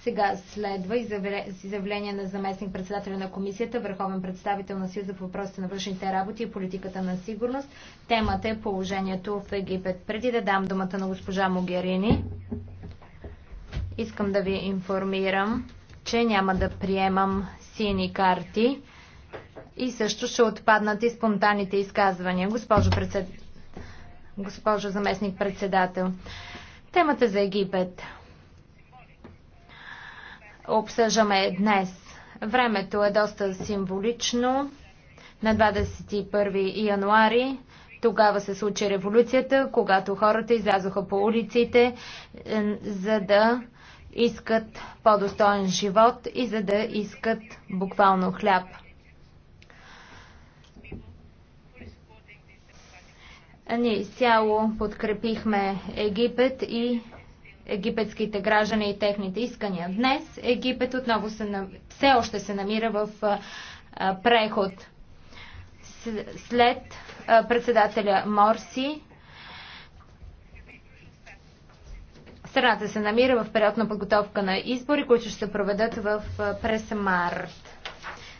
Сега следва изявление на заместник председателя на комисията, върховен представител на Съюза по въпросите на външните работи и политиката на сигурност. Темата е положението в Египет. Преди да дам думата на госпожа Могерини, искам да ви информирам, че няма да приемам сини карти и също ще отпаднат и спонтанните изказвания. Госпожо, председ... госпожо заместник председател, темата за Египет обсъждаме днес. Времето е доста символично. На 21 януари тогава се случи революцията, когато хората излязоха по улиците, е, за да искат по-достоен живот и за да искат буквално хляб. Ние изцяло подкрепихме Египет и египетските граждани и техните искания. Днес Египет отново се, все още се намира в преход. След председателя Морси страната се намира в период на подготовка на избори, които ще се проведат в през март.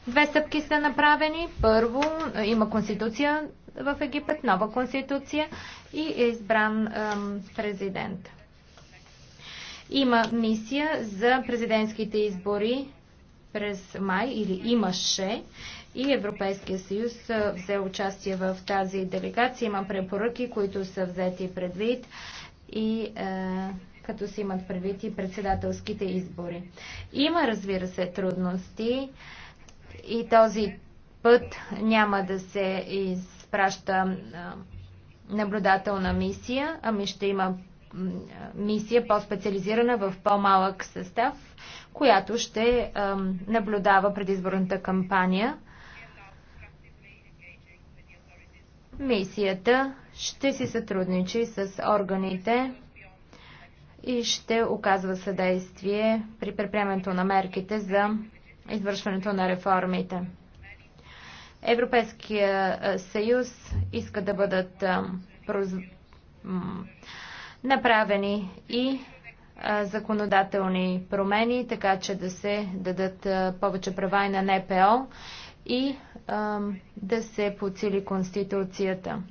Две стъпки са направени. Първо, има конституция в Египет, нова конституция и е избран ем, президент. Има мисия за президентските избори през май или имаше и Европейския съюз взе участие в тази делегация. Има препоръки, които са взети предвид и е, като се имат предвид и председателските избори. Има, разбира се, трудности и този път няма да се изпраща наблюдателна мисия, ами ще има мисия, по-специализирана в по-малък състав, която ще наблюдава предизборната кампания. Мисията ще си сътрудничи с органите и ще оказва съдействие при предприемането на мерките за извършването на реформите. Европейския съюз иска да бъдат направени и законодателни промени, така че да се дадат повече права и на НПО и да се подсили Конституцията.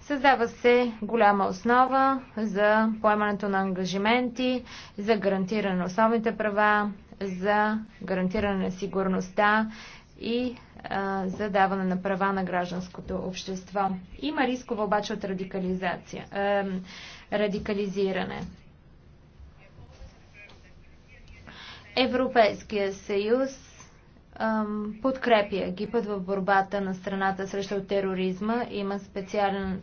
Създава се голяма основа за поемането на ангажименти, за гарантиране на основните права, за гарантиране на сигурността и а, за даване на права на гражданското общество. Има рискове обаче от радикализация, а, радикализиране. Европейския съюз подкрепя Египет в борбата на страната срещу тероризма. Има специален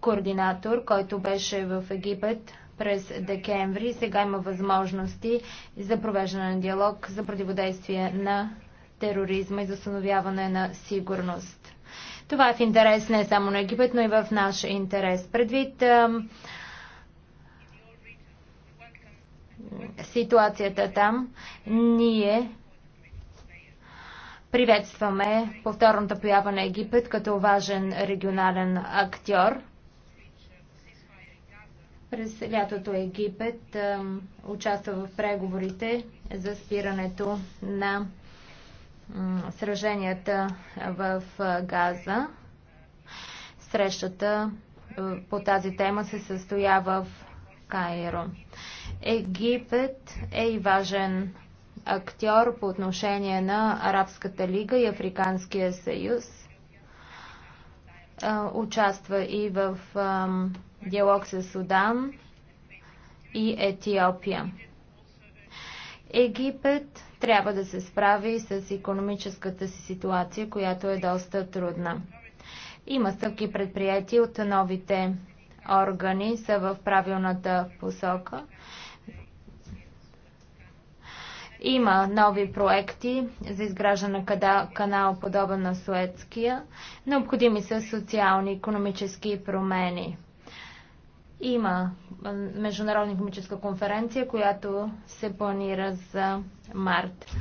координатор, който беше в Египет през декември. Сега има възможности за провеждане на диалог за противодействие на тероризма и застановяване на сигурност. Това е в интерес не само на Египет, но и в наш интерес. Предвид ситуацията там, ние приветстваме повторната поява на Египет като важен регионален актьор. През лятото Египет участва в преговорите за спирането на сраженията в Газа. Срещата по тази тема се състоя в Кайро. Египет е и важен актьор по отношение на Арабската лига и Африканския съюз. Участва и в диалог с Судан и Етиопия. Египет трябва да се справи с економическата си ситуация, която е доста трудна. Има стъпки предприяти от новите органи, са в правилната посока. Има нови проекти за изграждане на канал, подобен на Суетския. Необходими са социални и економически промени. Има международна економическа конференция, която се планира за март.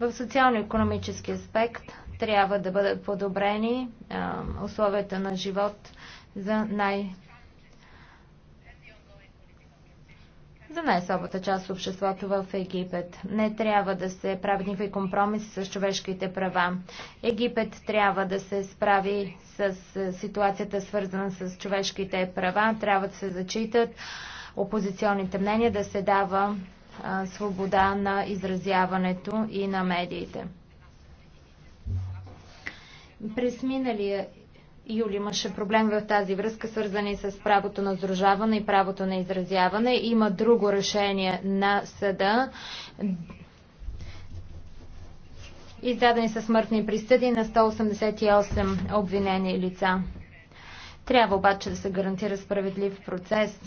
В социално-економически аспект трябва да бъдат подобрени а, условията на живот за най- за най-слабата част от обществото в Египет. Не трябва да се прави никакви компромиси с човешките права. Египет трябва да се справи с е, ситуацията свързана с човешките права, трябва да се зачитат опозиционните мнения, да се дава е, свобода на изразяването и на медиите. През миналия юли имаше проблем в тази връзка, свързани с правото на сдружаване и правото на изразяване. Има друго решение на съда, издадени със смъртни присъди на 188 обвинени лица. Трябва обаче да се гарантира справедлив процес.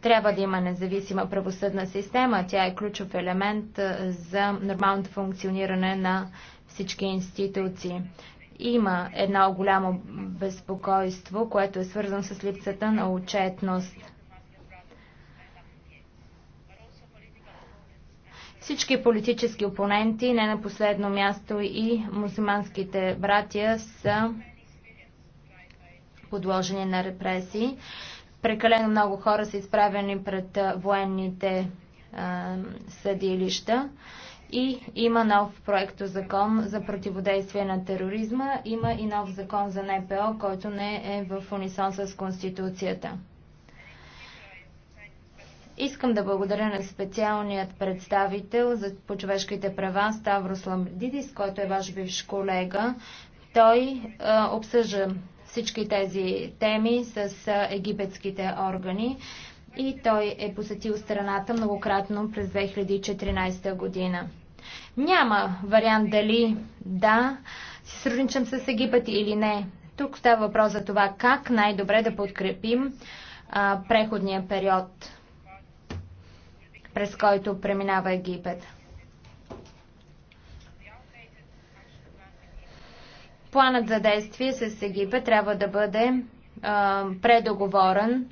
Трябва да има независима правосъдна система. Тя е ключов елемент за нормалното функциониране на всички институции. Има едно голямо безпокойство, което е свързано с липсата на отчетност. Всички политически опоненти, не на последно място и мусулманските братия са подложени на репресии. Прекалено много хора са изправени пред военните съдилища. И има нов проект закон за противодействие на тероризма, има и нов закон за НПО, който не е в унисон с Конституцията. Искам да благодаря на специалният представител за, по човешките права Ставрос Ламбридис, който е ваш бивш колега. Той а, е, обсъжда всички тези теми с е, египетските органи и той е посетил страната многократно през 2014 година. Няма вариант дали да се сравничам с Египет или не. Тук става въпрос за това как най-добре да подкрепим а, преходния период, през който преминава Египет. Планът за действие с Египет трябва да бъде а, предоговорен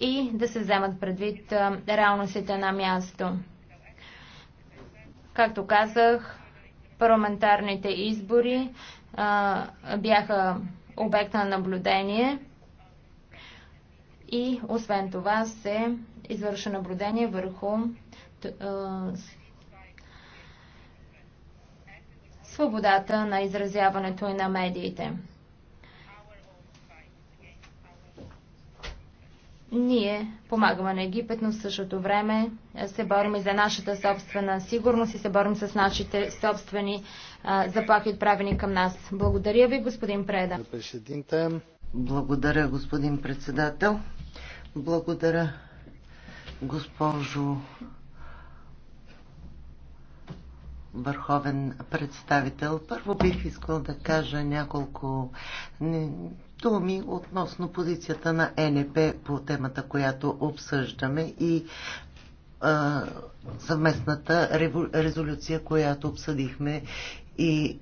и да се вземат предвид реалностите на място. Както казах, парламентарните избори а, бяха обект на наблюдение и освен това се извърши наблюдение върху а, свободата на изразяването и на медиите. Ние помагаме на Египет, но в същото време се борим и за нашата собствена сигурност и се борим с нашите собствени заплахи, отправени към нас. Благодаря ви, господин Преда. Благодаря, господин председател. Благодаря, госпожо върховен представител. Първо бих искал да кажа няколко думи относно позицията на е НП по темата, която обсъждаме и а, съвместната резолюция, която обсъдихме и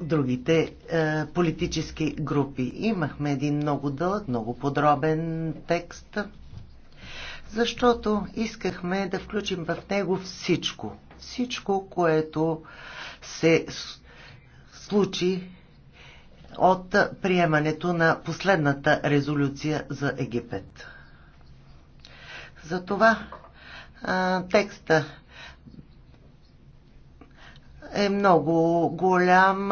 другите е, политически групи. Имахме един много дълъг, много подробен текст, защото искахме да включим в него всичко. Всичко, което се случи от приемането на последната резолюция за Египет. Затова текста е много голям,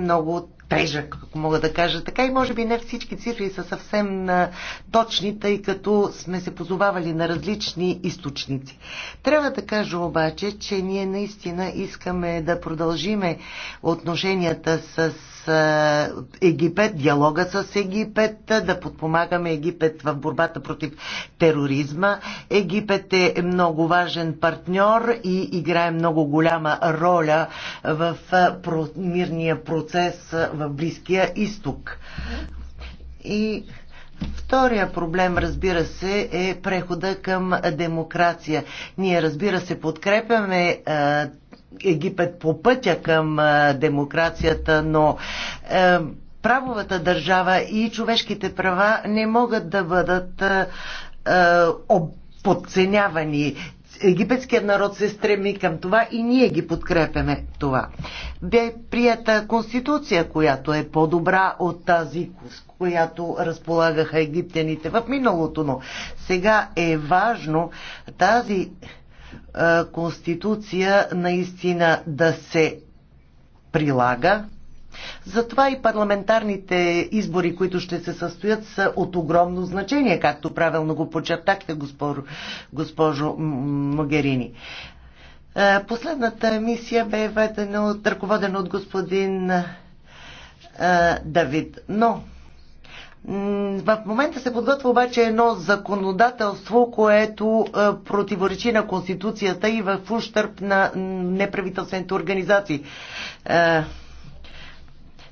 много тежък, ако мога да кажа така. И може би не всички цифри са съвсем точни, тъй като сме се позовавали на различни източници. Трябва да кажа обаче, че ние наистина искаме да продължиме отношенията с е, Египет, диалога с Египет, да подпомагаме Египет в борбата против тероризма. Египет е много важен партньор и играе много голяма роля в мирния процес в Близкия изток. И Втория проблем, разбира се, е прехода към демокрация. Ние, разбира се, подкрепяме Египет по пътя към демокрацията, но е, правовата държава и човешките права не могат да бъдат е, е, подценявани. Египетският народ се стреми към това и ние ги подкрепяме това. Бе прията конституция, която е по-добра от тази, с която разполагаха египтяните в миналото, но сега е важно тази е, конституция наистина да се прилага. Затова и парламентарните избори, които ще се състоят, са от огромно значение, както правилно го подчертахте, госпожо, госпожо Могерини. Е, последната мисия бе ведена от, ръководена от господин е, Давид. Но в момента се подготвя обаче едно законодателство, което е, противоречи на Конституцията и в ущърп на неправителствените организации. Е,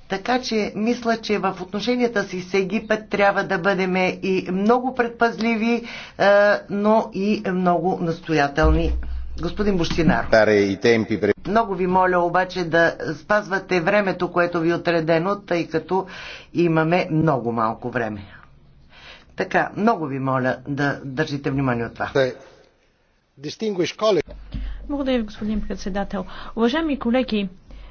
така че мисля, че в отношенията си с Египет трябва да бъдем и много предпазливи, е, но и много настоятелни. Господин Бущинар, много ви моля обаче да спазвате времето, което ви е отредено, тъй като имаме много малко време. Така, много ви моля да държите внимание от това. Благодаря ви, господин председател. Уважаеми колеги,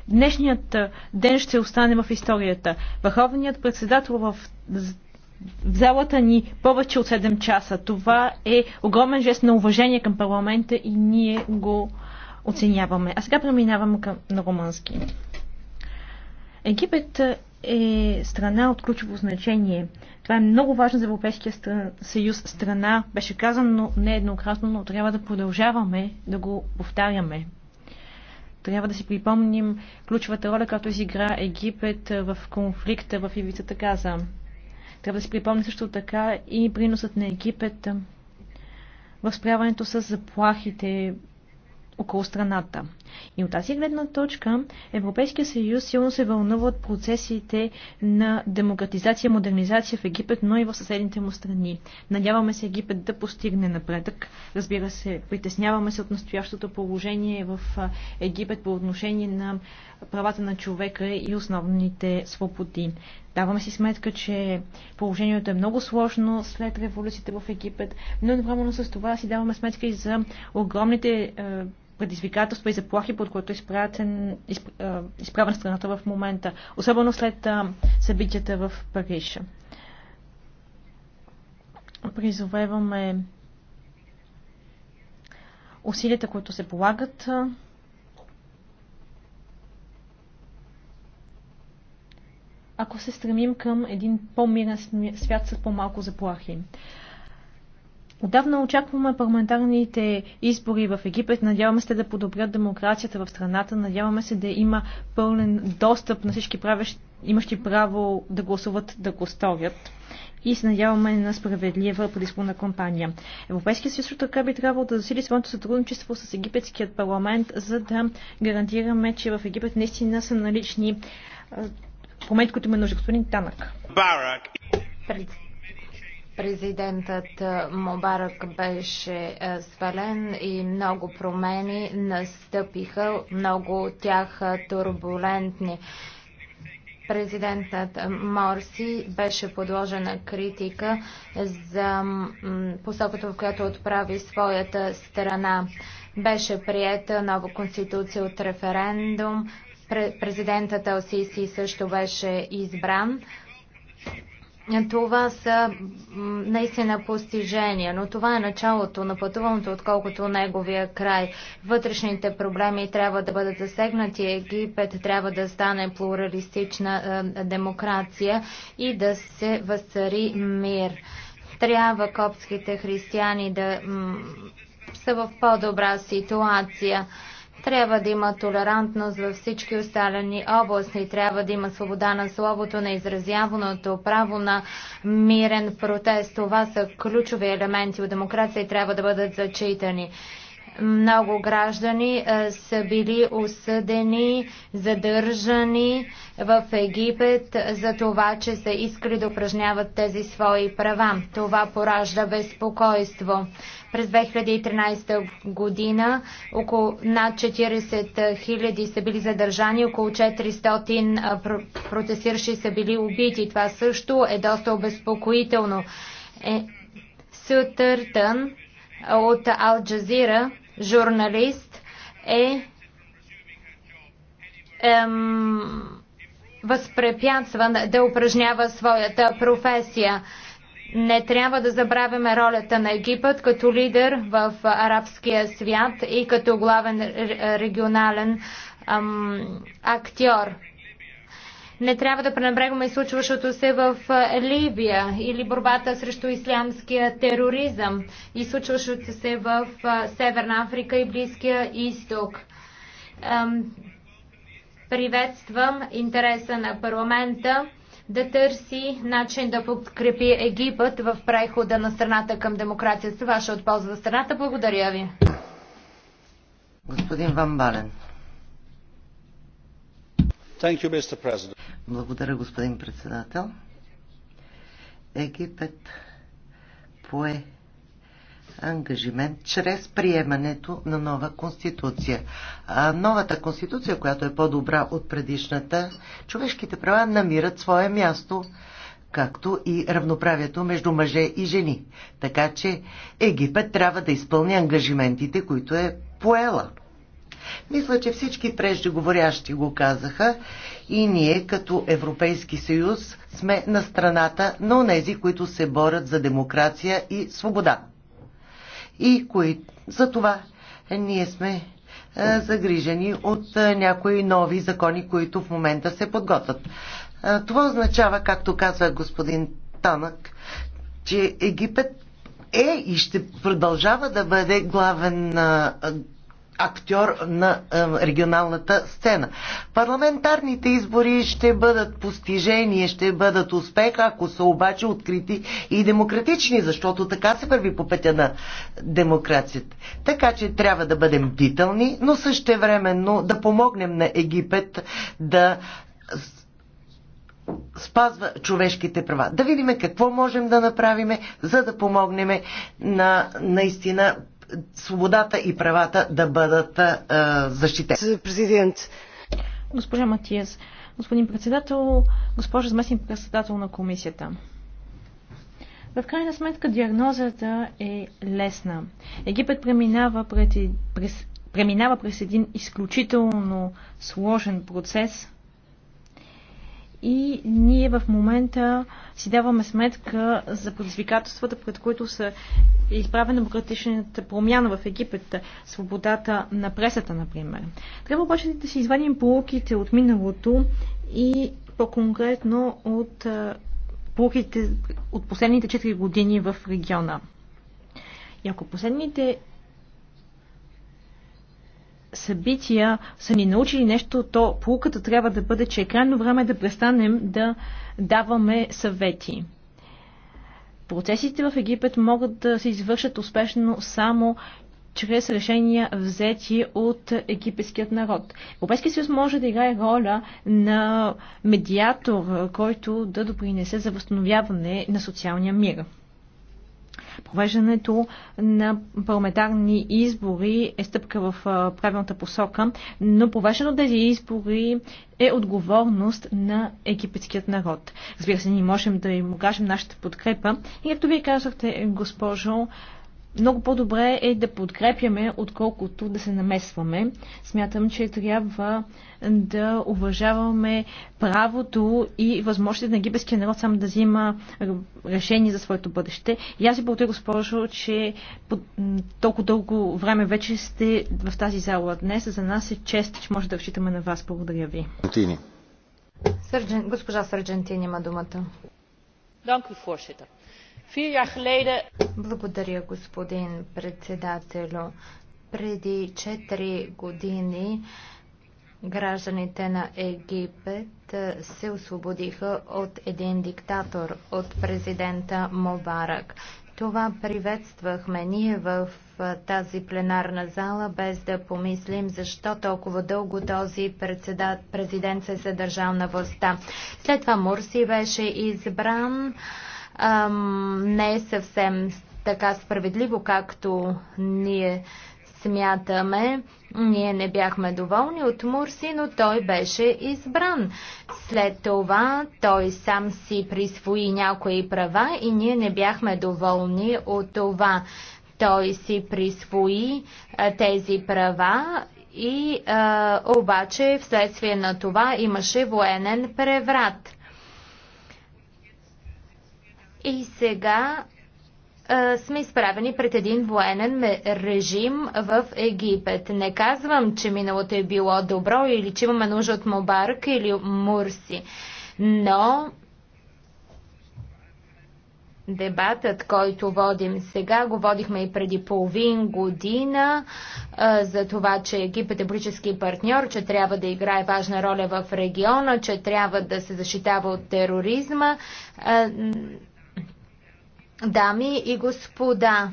днешният ден ще остане в историята. Върховният председател в залата ни повече от 7 часа. Това е огромен жест на уважение към парламента и ние го оценяваме. А сега преминаваме към, на румънски. Египет е страна от ключово значение. Това е много важно за Европейския съюз страна. Беше казано нееднократно, но трябва да продължаваме да го повтаряме. Трябва да си припомним ключовата роля, която изигра Египет в конфликта в ивицата Газа. Трябва да си припомни също така и приносът на Египет в справянето с заплахите около страната. И от тази гледна точка Европейския съюз силно се вълнува от процесите на демократизация модернизация в Египет, но и в съседните му страни. Надяваме се Египет да постигне напредък. Разбира се, притесняваме се от настоящото положение в Египет по отношение на правата на човека и основните свободи. Даваме си сметка, че положението е много сложно след революцията в Египет, но едновременно с това си даваме сметка и за огромните предизвикателства и заплахи, под които е изправен, изправен страната в момента, особено след събитията в Париж. Призовеваме усилията, които се полагат ако се стремим към един по-мирен свят с по-малко заплахи. Отдавна очакваме парламентарните избори в Египет. Надяваме се да подобрят демокрацията в страната. Надяваме се да има пълен достъп на всички правещи, имащи право да гласуват, да го сторят. И се надяваме на справедлива предизборна кампания. Европейския съюз така би трябвало да засили своето сътрудничество с египетският парламент, за да гарантираме, че в Египет наистина са налични промените, които има нужда. Господин Танък. Барак Президентът Мобарък беше свален и много промени настъпиха, много от тях турбулентни. Президентът Морси беше подложена на критика за посоката, в която отправи своята страна. Беше приета нова конституция от референдум. Президентът Алсиси също беше избран. Това са наистина постижения, но това е началото на пътуването, отколкото неговия край. Вътрешните проблеми трябва да бъдат засегнати. Египет трябва да стане плуралистична е, демокрация и да се възцари мир. Трябва копските християни да са в по-добра ситуация. Трябва да има толерантност във всички останали области. Трябва да има свобода на словото, на изразяваното, право на мирен протест. Това са ключови елементи от демокрация и трябва да бъдат зачитани. Много граждани е, са били осъдени, задържани в Египет за това, че са искали да упражняват тези свои права. Това поражда безпокойство. През 2013 година около над 40 000 са били задържани, около 400 е, протестиращи са били убити. Това също е доста обезпокоително. Е, от Ал Джазира журналист е ем, възпрепятстван да упражнява своята професия. Не трябва да забравяме ролята на Египет като лидер в арабския свят и като главен регионален ем, актьор. Не трябва да пренебрегваме и случващото се в Либия или борбата срещу ислямския тероризъм и случващото се в Северна Африка и Близкия изток. Приветствам интереса на парламента да търси начин да подкрепи Египет в прехода на страната към демокрация. С ваша от полза за страната. Благодаря ви. Господин Ван Бален. Благодаря, господин председател. Египет пое ангажимент чрез приемането на нова конституция. А новата конституция, която е по-добра от предишната, човешките права намират свое място, както и равноправието между мъже и жени. Така че Египет трябва да изпълни ангажиментите, които е поела. Мисля, че всички преждеговорящи го казаха и ние като Европейски съюз сме на страната на онези, които се борят за демокрация и свобода. И кои... за това ние сме е, загрижени от е, някои нови закони, които в момента се подготвят. Е, това означава, както казва господин Танък, че Египет е и ще продължава да бъде главен актьор на е, регионалната сцена. Парламентарните избори ще бъдат постижение, ще бъдат успех, ако са обаче открити и демократични, защото така се върви по пътя на демокрацията. Така че трябва да бъдем бдителни, но същевременно да помогнем на Египет да спазва човешките права. Да видим какво можем да направим, за да помогнем на наистина свободата и правата да бъдат защитени. Президент. Госпожа Матиас, господин председател, госпожа заместник председател на комисията. В крайна сметка диагнозата е лесна. Египет преминава, през, преминава през един изключително сложен процес – и ние в момента си даваме сметка за предизвикателствата, пред които са изправена демократичната промяна в Египет, свободата на пресата, например. Трябва обаче да си извадим полуките от миналото и по-конкретно от полуките от последните 4 години в региона. И ако последните събития са ни научили нещо, то полуката трябва да бъде, че е крайно време да престанем да даваме съвети. Процесите в Египет могат да се извършат успешно само чрез решения взети от египетският народ. Европейския съюз може да играе роля на медиатор, който да допринесе за възстановяване на социалния мир. Провеждането на парламентарни избори е стъпка в правилната посока, но провеждането на тези избори е отговорност на египетският народ. Разбира се, ние можем да им окажем нашата подкрепа. И както вие казахте, госпожо, много по-добре е да подкрепяме, отколкото да се намесваме. Смятам, че трябва да уважаваме правото и възможността на египетския народ сам да взима решение за своето бъдеще. И аз ви благодаря, госпожо, че по толкова дълго време вече сте в тази зала днес. За нас е чест, че може да разчитаме на вас. Благодаря ви. Сърджен... Госпожа Сърджентин има думата. Благодаря, госпожа благодаря, господин председател, Преди 4 години гражданите на Египет се освободиха от един диктатор, от президента Мобарак. Това приветствахме ние в тази пленарна зала, без да помислим защо толкова дълго този президент се съдържал е на властта. След това Мурси беше избран не е съвсем така справедливо, както ние смятаме. Ние не бяхме доволни от Мурси, но той беше избран. След това той сам си присвои някои права и ние не бяхме доволни от това. Той си присвои а, тези права и а, обаче вследствие на това имаше военен преврат. И сега а, сме изправени пред един военен режим в Египет. Не казвам, че миналото е било добро или че имаме нужда от Мобарк или Мурси, но дебатът, който водим сега, го водихме и преди половин година а, за това, че Египет е политически партньор, че трябва да играе важна роля в региона, че трябва да се защитава от тероризма. А, Дами и господа,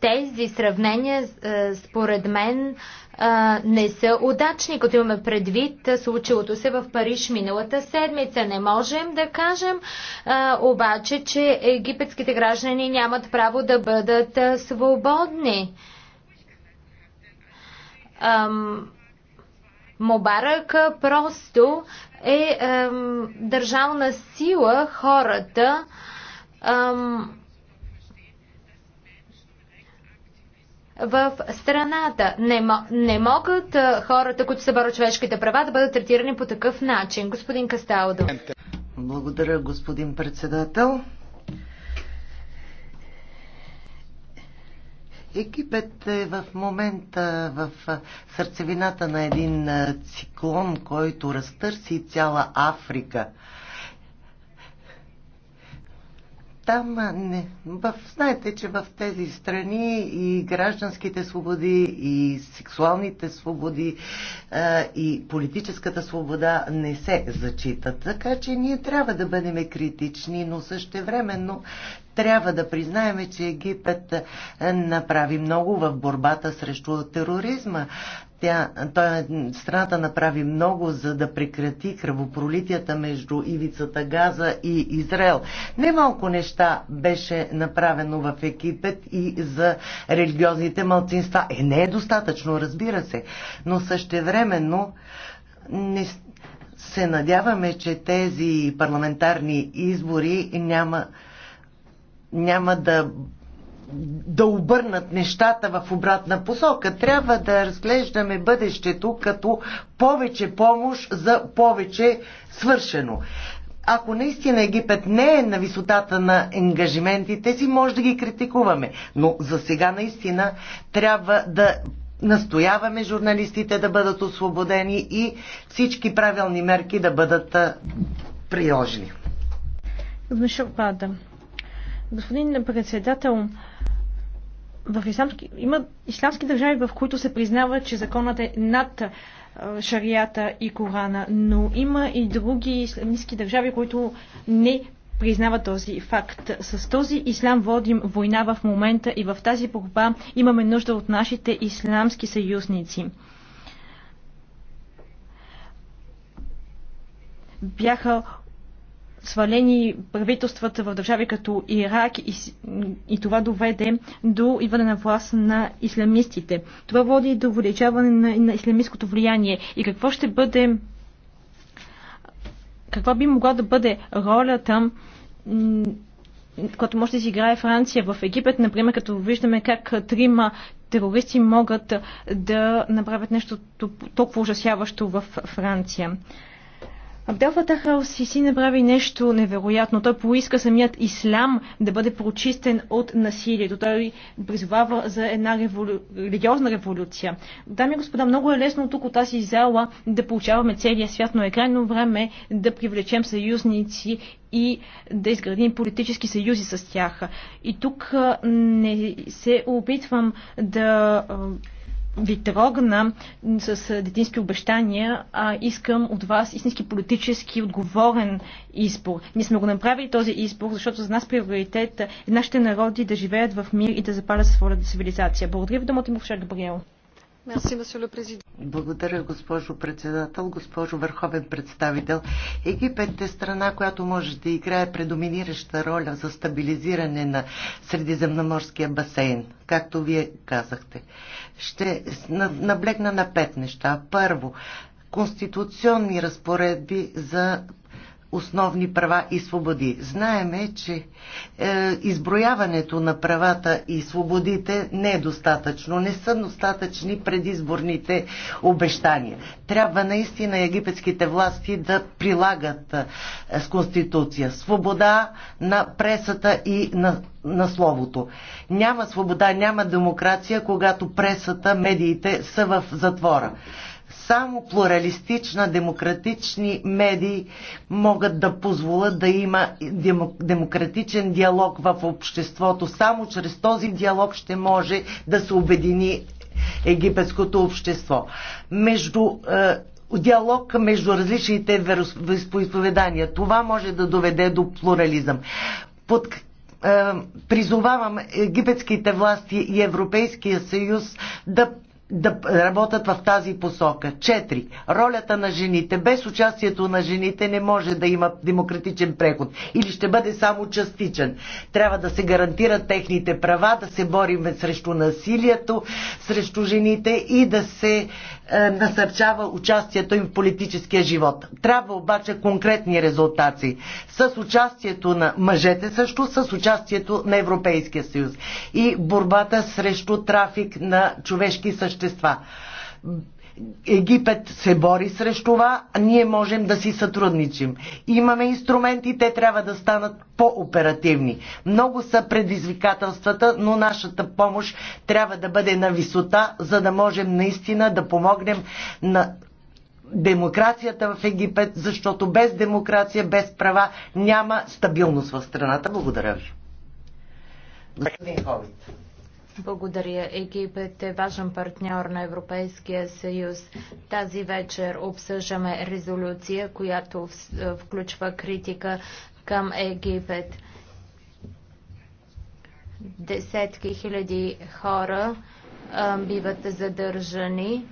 тези сравнения е, според мен е, не са удачни, като имаме предвид случилото се в Париж миналата седмица. Не можем да кажем е, обаче, че египетските граждани нямат право да бъдат свободни. Мобарък просто е държавна сила хората в страната. Не, не могат хората, които се борят човешките права, да бъдат третирани по такъв начин. Господин Касталдо. Благодаря, господин председател. Египет е в момента в сърцевината на един циклон, който разтърси цяла Африка там не. В, знаете, че в тези страни и гражданските свободи, и сексуалните свободи, а, и политическата свобода не се зачитат. Така че ние трябва да бъдем критични, но същевременно трябва да признаем, че Египет направи много в борбата срещу тероризма. Тя, той, страната направи много, за да прекрати кръвопролитията между ивицата Газа и Израел. Немалко неща беше направено в Екипет и за религиозните малцинства. Е, не е достатъчно, разбира се, но същевременно не, се надяваме, че тези парламентарни избори няма, няма да да обърнат нещата в обратна посока. Трябва да разглеждаме бъдещето като повече помощ за повече свършено. Ако наистина Египет не е на висотата на ангажиментите си, може да ги критикуваме. Но за сега наистина трябва да настояваме журналистите да бъдат освободени и всички правилни мерки да бъдат приложени. Господин председател, в исламски, има исламски държави, в които се признава, че законът е над шарията и Корана, но има и други ислямски държави, които не признава този факт. С този ислам водим война в момента и в тази борба имаме нужда от нашите исламски съюзници. Бяха свалени правителствата в държави като Ирак и, и това доведе до идване на власт на исламистите. Това води до увеличаване на, на исламистското влияние. И какво ще бъде каква би могла да бъде ролята която може да си играе Франция в Египет, например, като виждаме как трима терористи могат да направят нещо толкова ужасяващо в Франция. Абдел Фатахал Сиси направи нещо невероятно. Той поиска самият ислям да бъде прочистен от насилието. Той призвава за една револю... религиозна революция. Дами и господа, много е лесно тук от тази зала да получаваме целия свят, но е крайно време да привлечем съюзници и да изградим политически съюзи с тях. И тук не се опитвам да ви трогна с детински обещания, а искам от вас истински политически отговорен избор. Ние сме го направили този избор, защото за нас приоритет е нашите народи да живеят в мир и да запалят своята цивилизация. Благодаря ви, думата му, Габриел. Благодаря, госпожо председател, госпожо върховен представител. Египет е страна, която може да играе предоминираща роля за стабилизиране на Средиземноморския басейн, както вие казахте. Ще наблегна на пет неща. Първо, конституционни разпоредби за основни права и свободи. Знаеме, че е, изброяването на правата и свободите не е достатъчно, не са достатъчни предизборните обещания. Трябва наистина египетските власти да прилагат е, с Конституция свобода на пресата и на на словото. Няма свобода, няма демокрация, когато пресата, медиите са в затвора. Само плуралистична, демократични медии могат да позволят да има демократичен диалог в обществото. Само чрез този диалог ще може да се обедини египетското общество. Между е, диалог между различните вероисповедания. Това може да доведе до плурализъм. Под, е, призовавам египетските власти и Европейския съюз да да работят в тази посока. Четири. Ролята на жените. Без участието на жените не може да има демократичен преход. Или ще бъде само частичен. Трябва да се гарантират техните права, да се борим срещу насилието, срещу жените и да се е, насърчава участието им в политическия живот. Трябва обаче конкретни резултати. С участието на мъжете също, с участието на Европейския съюз и борбата срещу трафик на човешки същества Египет се бори срещу това, ние можем да си сътрудничим. Имаме инструменти, те трябва да станат по-оперативни. Много са предизвикателствата, но нашата помощ трябва да бъде на висота, за да можем наистина да помогнем на демокрацията в Египет, защото без демокрация, без права няма стабилност в страната. Благодаря ви. Господин Ховит. Благодаря. Египет е важен партньор на Европейския съюз. Тази вечер обсъждаме резолюция, която включва критика към Египет. Десетки хиляди хора биват задържани.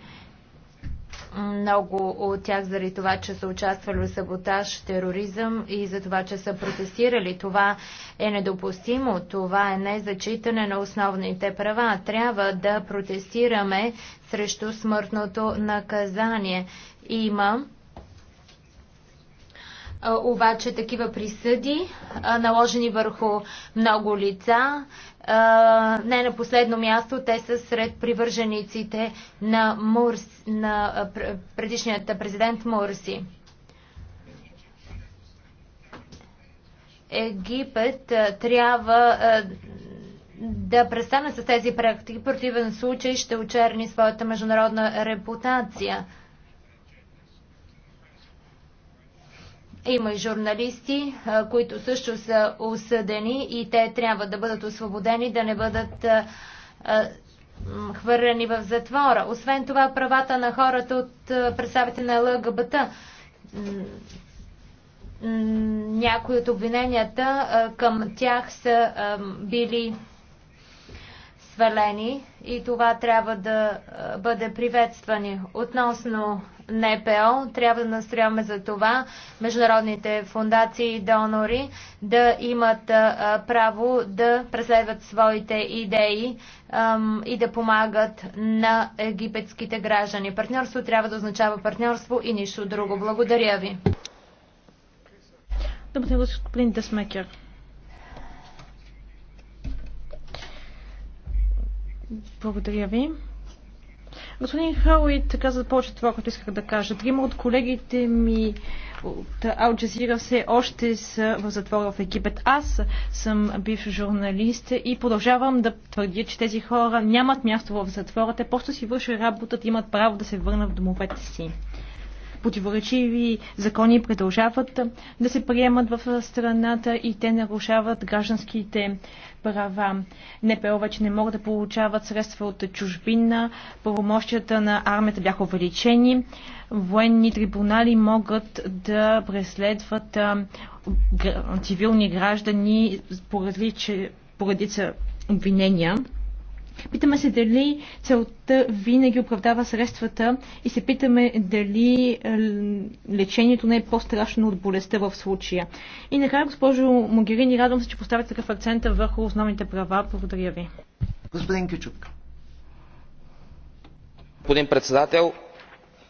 Много от тях заради това, че са участвали в саботаж, тероризъм и за това, че са протестирали. Това е недопустимо. Това е незачитане на основните права. Трябва да протестираме срещу смъртното наказание. Има обаче такива присъди, наложени върху много лица. Не на последно място, те са сред привържениците на, Мурс, на предишният президент Мурси. Египет трябва да престане с тези практики, противен случай ще очерни своята международна репутация. Има и журналисти, които също са осъдени и те трябва да бъдат освободени, да не бъдат хвърлени в затвора. Освен това, правата на хората от представите на ЛГБТ. Някои от обвиненията към тях са били свалени и това трябва да бъде приветствани. Относно НПО, трябва да настояваме за това международните фундации и донори да имат право да преследват своите идеи и да помагат на египетските граждани. Партньорство трябва да означава партньорство и нищо друго. Благодаря ви. Добре, господин Десмекер. Благодаря ви. Господин Хауит каза повече това, което исках да кажа. Трима от колегите ми от Алджазира все още са в затвора в Египет. Аз съм бив журналист и продължавам да твърдя, че тези хора нямат място в затвора. Те просто си вършат работата, имат право да се върнат в домовете си противоречиви закони продължават да се приемат в страната и те нарушават гражданските права. НПО вече не могат да получават средства от чужбина, правомощията на армията бяха увеличени, военни трибунали могат да преследват цивилни граждани по различни поредица обвинения. Питаме се дали целта винаги оправдава средствата и се питаме дали е, лечението не е по-страшно от болестта в случая. И накрая, госпожо Могерини, радвам се, че поставяте такъв акцент върху основните права. Благодаря ви. Господин Кючук. Господин председател,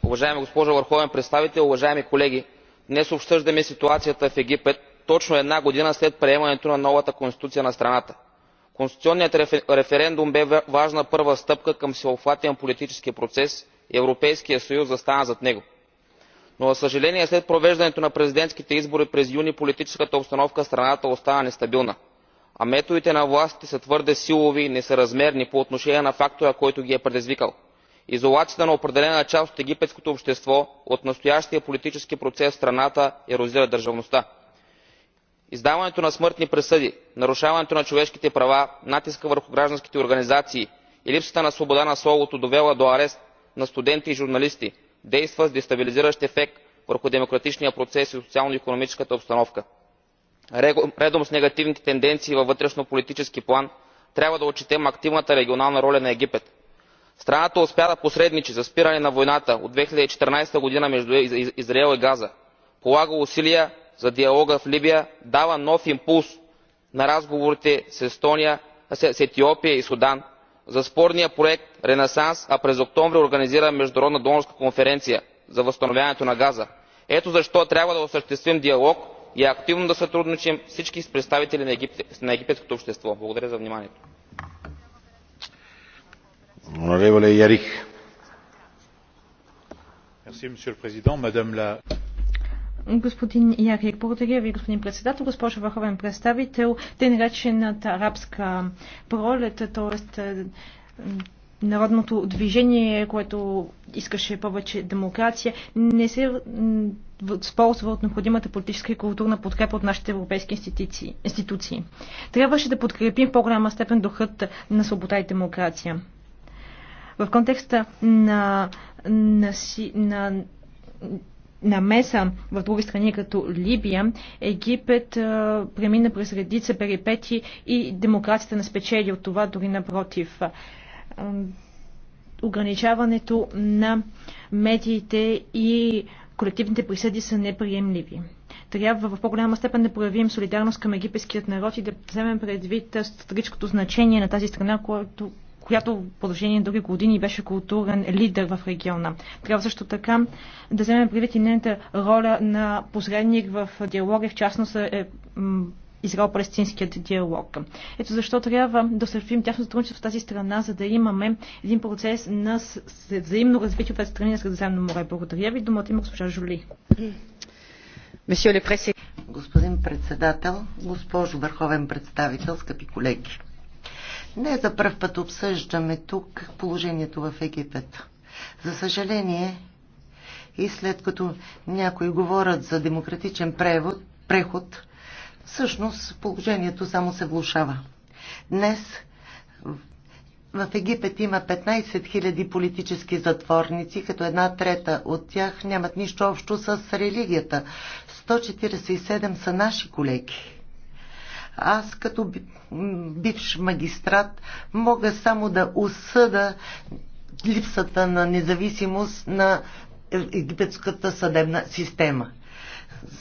уважаема госпожо върховен представител, уважаеми колеги, днес обсъждаме ситуацията в Египет точно една година след приемането на новата конституция на страната конституционният референдум бе важна първа стъпка към всеобхватен политически процес и европейският съюз застана зад него. но за съжаление след провеждането на президентските избори през юни политическата обстановка в страната остана нестабилна а методите на властите са твърде силови и несъразмерни по отношение на фактора който ги е предизвикал. изолацията на определена част от египетското общество от настоящия политически процес в страната ерозира държавността издаването на смъртни присъди нарушаването на човешките права натискът върху гражданските организации и липсата на свобода на словото довела до арест на студенти и журналисти действа с дестабилизиращ ефект върху демократичния процес и социално икономическата обстановка. редом с негативните тенденции във вътрешнополитически план трябва да отчетем активната регионална роля на египет. страната успя да посредничи за спиране на войната от две хиляди и четиринадесета г. между израел и газа. полага усилия за диалога в либия дава нов импулс на разговорите с етиопия и судан за спорния проект ренесанс а през октомври организира международна донорска конференция за възстановяването на газа. ето защо трябва да осъществим диалог и активно да сътрудничим всички с представители на египетското общество. благодаря за вниманието. Господин Ярик, благодаря ви, господин председател, госпожа върховен представител, те наречената арабска пролет, т.е. народното движение, което искаше повече демокрация, не се използва от необходимата политическа и културна подкрепа от нашите европейски институции. институции. Трябваше да подкрепим в по-голяма степен духът на свобода и демокрация. В контекста на, на, на, на намеса в други страни, като Либия, Египет а, премина през редица перипети и демокрацията на спечели от това, дори напротив. ограничаването на медиите и колективните присъди са неприемливи. Трябва в по-голяма степен да проявим солидарност към египетският народ и да вземем предвид стратегическото значение на тази страна, което която в продължение на други години беше културен лидер в региона. Трябва също така да вземем предвид и нейната роля на посредник в диалога, в частност е израел-палестинският диалог. Ето защо трябва да осъществим тяхно сътрудничество в тази страна, за да имаме един процес на взаимно развитие от двете страни на Средоземно море. Благодаря ви. Думата има госпожа Жули. Господин председател, госпожо върховен представител, скъпи колеги. Не за първ път обсъждаме тук положението в Египет. За съжаление, и след като някои говорят за демократичен превод, преход, всъщност положението само се влушава. Днес в Египет има 15 000 политически затворници, като една трета от тях нямат нищо общо с религията. 147 са наши колеги. Аз като бивш магистрат мога само да осъда липсата на независимост на египетската съдебна система.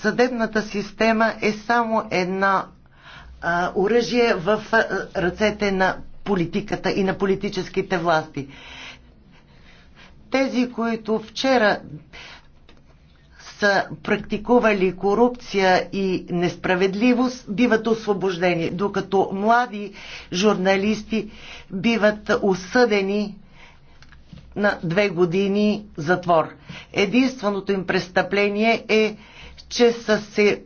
Съдебната система е само една а, оръжие в а, ръцете на политиката и на политическите власти. Тези, които вчера са практикували корупция и несправедливост, биват освобождени, докато млади журналисти биват осъдени на две години затвор. Единственото им престъпление е, че са се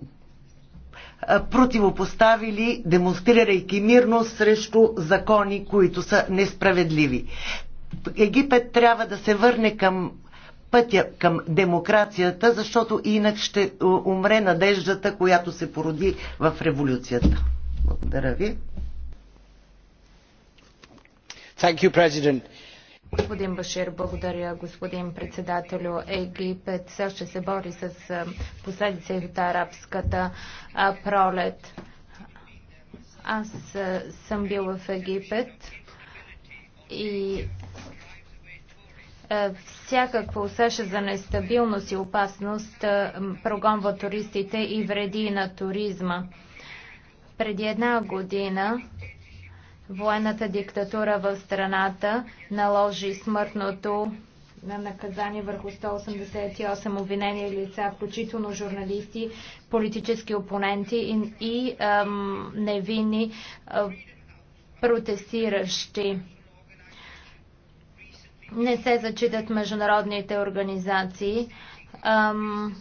противопоставили, демонстрирайки мирно срещу закони, които са несправедливи. Египет трябва да се върне към пътя към демокрацията, защото инак ще е, умре надеждата, която се породи в революцията. Благодаря ви. Thank you, President. Господин Башир, благодаря. Господин председателю, Египет все ще се бори с е, последиците от арабската е, пролет. Аз съм бил в Египет и е, всякаква усеща за нестабилност и опасност е, прогонва туристите и вреди на туризма. Преди една година военната диктатура в страната наложи смъртното на наказание върху 188 обвинени лица, включително журналисти, политически опоненти и, и ам, невинни ам, протестиращи не се зачитат международните организации. Ам,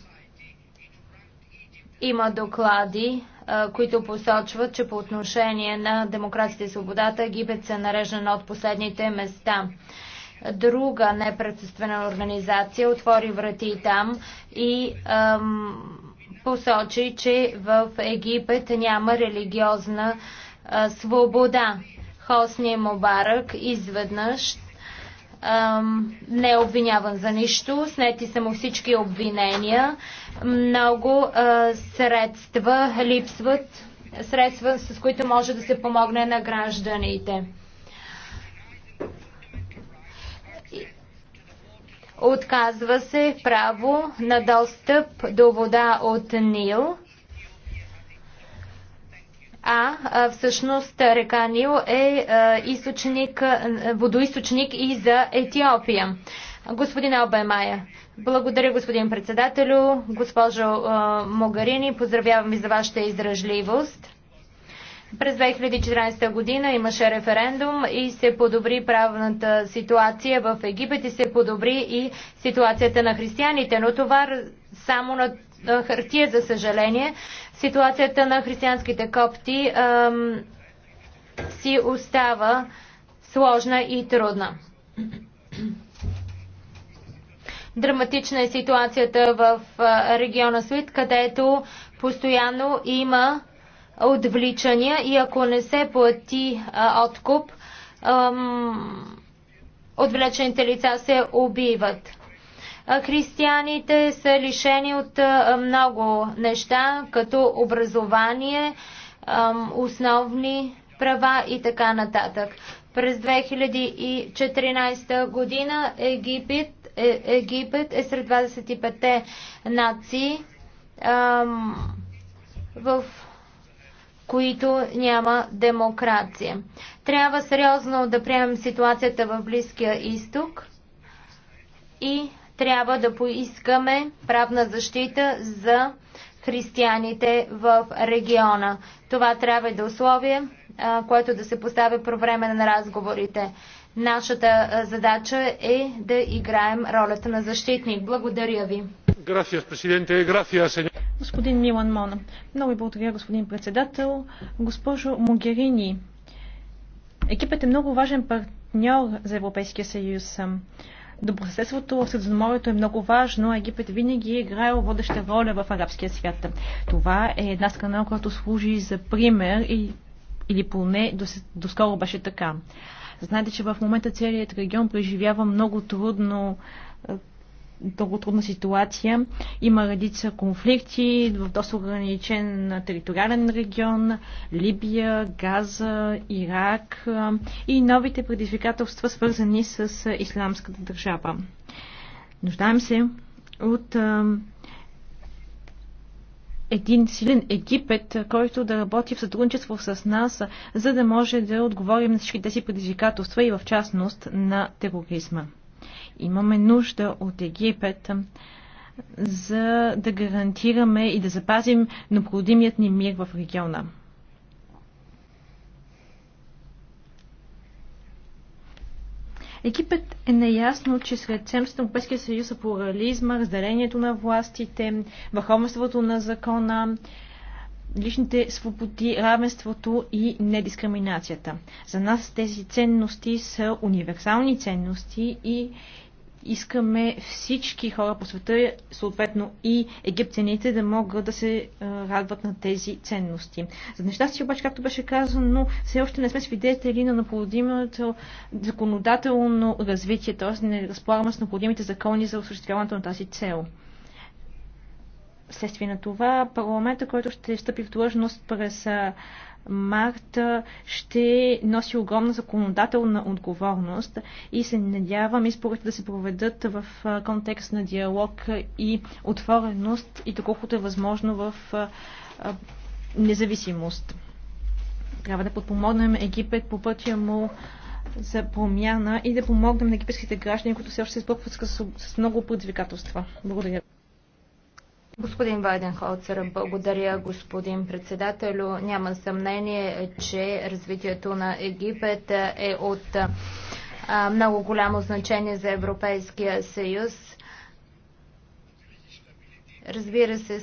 има доклади, а, които посочват, че по отношение на демокрацията и свободата Египет се е нарежда на от последните места. Друга непредседствена организация отвори врати там и ам, посочи, че в Египет няма религиозна а, свобода. Хосния Мобарък изведнъж не е обвиняван за нищо, снети са му всички обвинения, много средства липсват, средства с които може да се помогне на гражданите. Отказва се право на достъп до вода от Нил а, всъщност река Нил е, е източник, е, водоисточник и за Етиопия. Господин Албаймая, благодаря господин председателю, госпожо е, Могарини, поздравявам ви за вашата издръжливост. През 2014 година имаше референдум и се подобри правната ситуация в Египет и се подобри и ситуацията на християните, но това само на хартия, за съжаление, ситуацията на християнските копти ам, си остава сложна и трудна. Драматична е ситуацията в региона Свит, където постоянно има отвличания и ако не се плати а, откуп, ам, отвлечените лица се убиват християните са лишени от много неща, като образование, основни права и така нататък. През 2014 година Египет, е, Египет е сред 25-те нации, ам, в които няма демокрация. Трябва сериозно да приемем ситуацията в Близкия изток и трябва да поискаме правна защита за християните в региона. Това трябва да е условие, което да се постави по време на разговорите. Нашата задача е да играем ролята на защитник. Благодаря ви. Господин Милан Мона. Много благодаря, господин председател. Госпожо Могерини, екипът е много важен партньор за Европейския съюз добросъседството в Средиземноморието е много важно. Египет винаги е играел водеща роля в арабския свят. Това е една страна, която служи за пример и, или поне доскоро беше така. Знаете, че в момента целият регион преживява много трудно много трудна ситуация. Има редица конфликти в доста ограничен териториален регион Либия, Газа, Ирак и новите предизвикателства, свързани с исламската държава. Нуждаем се от един силен Египет, който да работи в сътрудничество с нас, за да може да отговорим на всички тези предизвикателства и в частност на тероризма. Имаме нужда от Египет, за да гарантираме и да запазим необходимият ни мир в региона. Египет е неясно, че сред семството на Европейския съюз са плурализма, разделението на властите, върховенството на закона, личните свободи, равенството и недискриминацията. За нас тези ценности са универсални ценности и искаме всички хора по света, съответно и египтяните, да могат да се е, радват на тези ценности. За нещастие обаче, както беше казано, все още не сме свидетели на необходимото законодателно развитие, т.е. не разполагаме с необходимите закони за осъществяването на тази цел следствие на това парламента, който ще стъпи в длъжност през март, ще носи огромна законодателна отговорност и се надявам изборите да се проведат в контекст на диалог и отвореност и доколкото е възможно в независимост. Трябва да подпомогнем Египет по пътя му за промяна и да помогнем на египетските граждани, които все още се сблъкват с, с много предизвикателства. Благодаря. Господин Вайденхолцер, благодаря господин председателю. Няма съмнение, че развитието на Египет е от много голямо значение за Европейския съюз. Разбира се,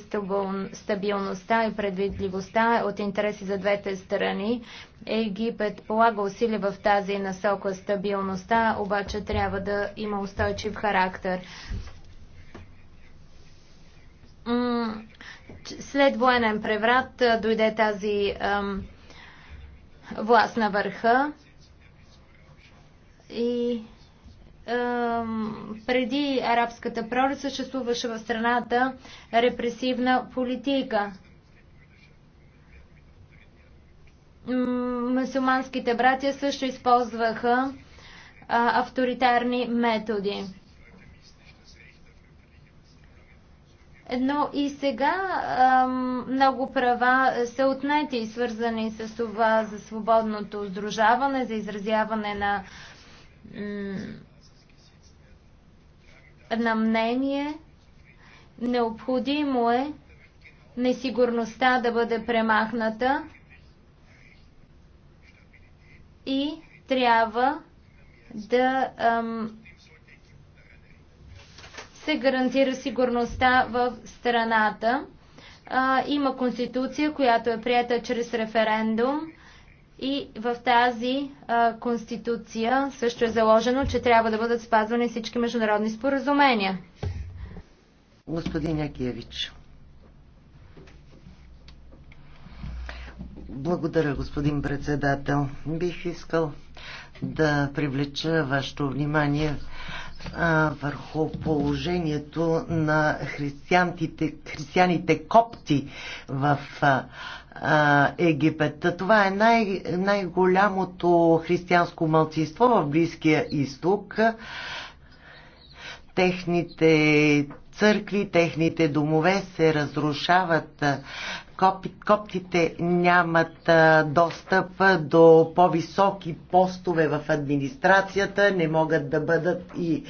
стабилността и предвидливостта е от интереси за двете страни. Египет полага усилия в тази насока. Стабилността обаче трябва да има устойчив характер след военен преврат дойде тази власт на върха и преди арабската пролет съществуваше в страната репресивна политика. Мусулманските братия също използваха авторитарни методи. Но и сега ам, много права са отнети, свързани с това за свободното сдружаване, за изразяване на, на мнение. Необходимо е несигурността да бъде премахната и трябва да ам, се гарантира сигурността в страната. Има конституция, която е прията чрез референдум и в тази конституция също е заложено, че трябва да бъдат спазвани всички международни споразумения. Господин Якиевич. Благодаря, господин председател. Бих искал да привлеча вашето внимание върху положението на християните, християните копти в Египет. Това е най- най-голямото християнско мълчество в Близкия изток. Техните църкви, техните домове се разрушават коптите нямат достъп до по-високи постове в администрацията, не могат да бъдат и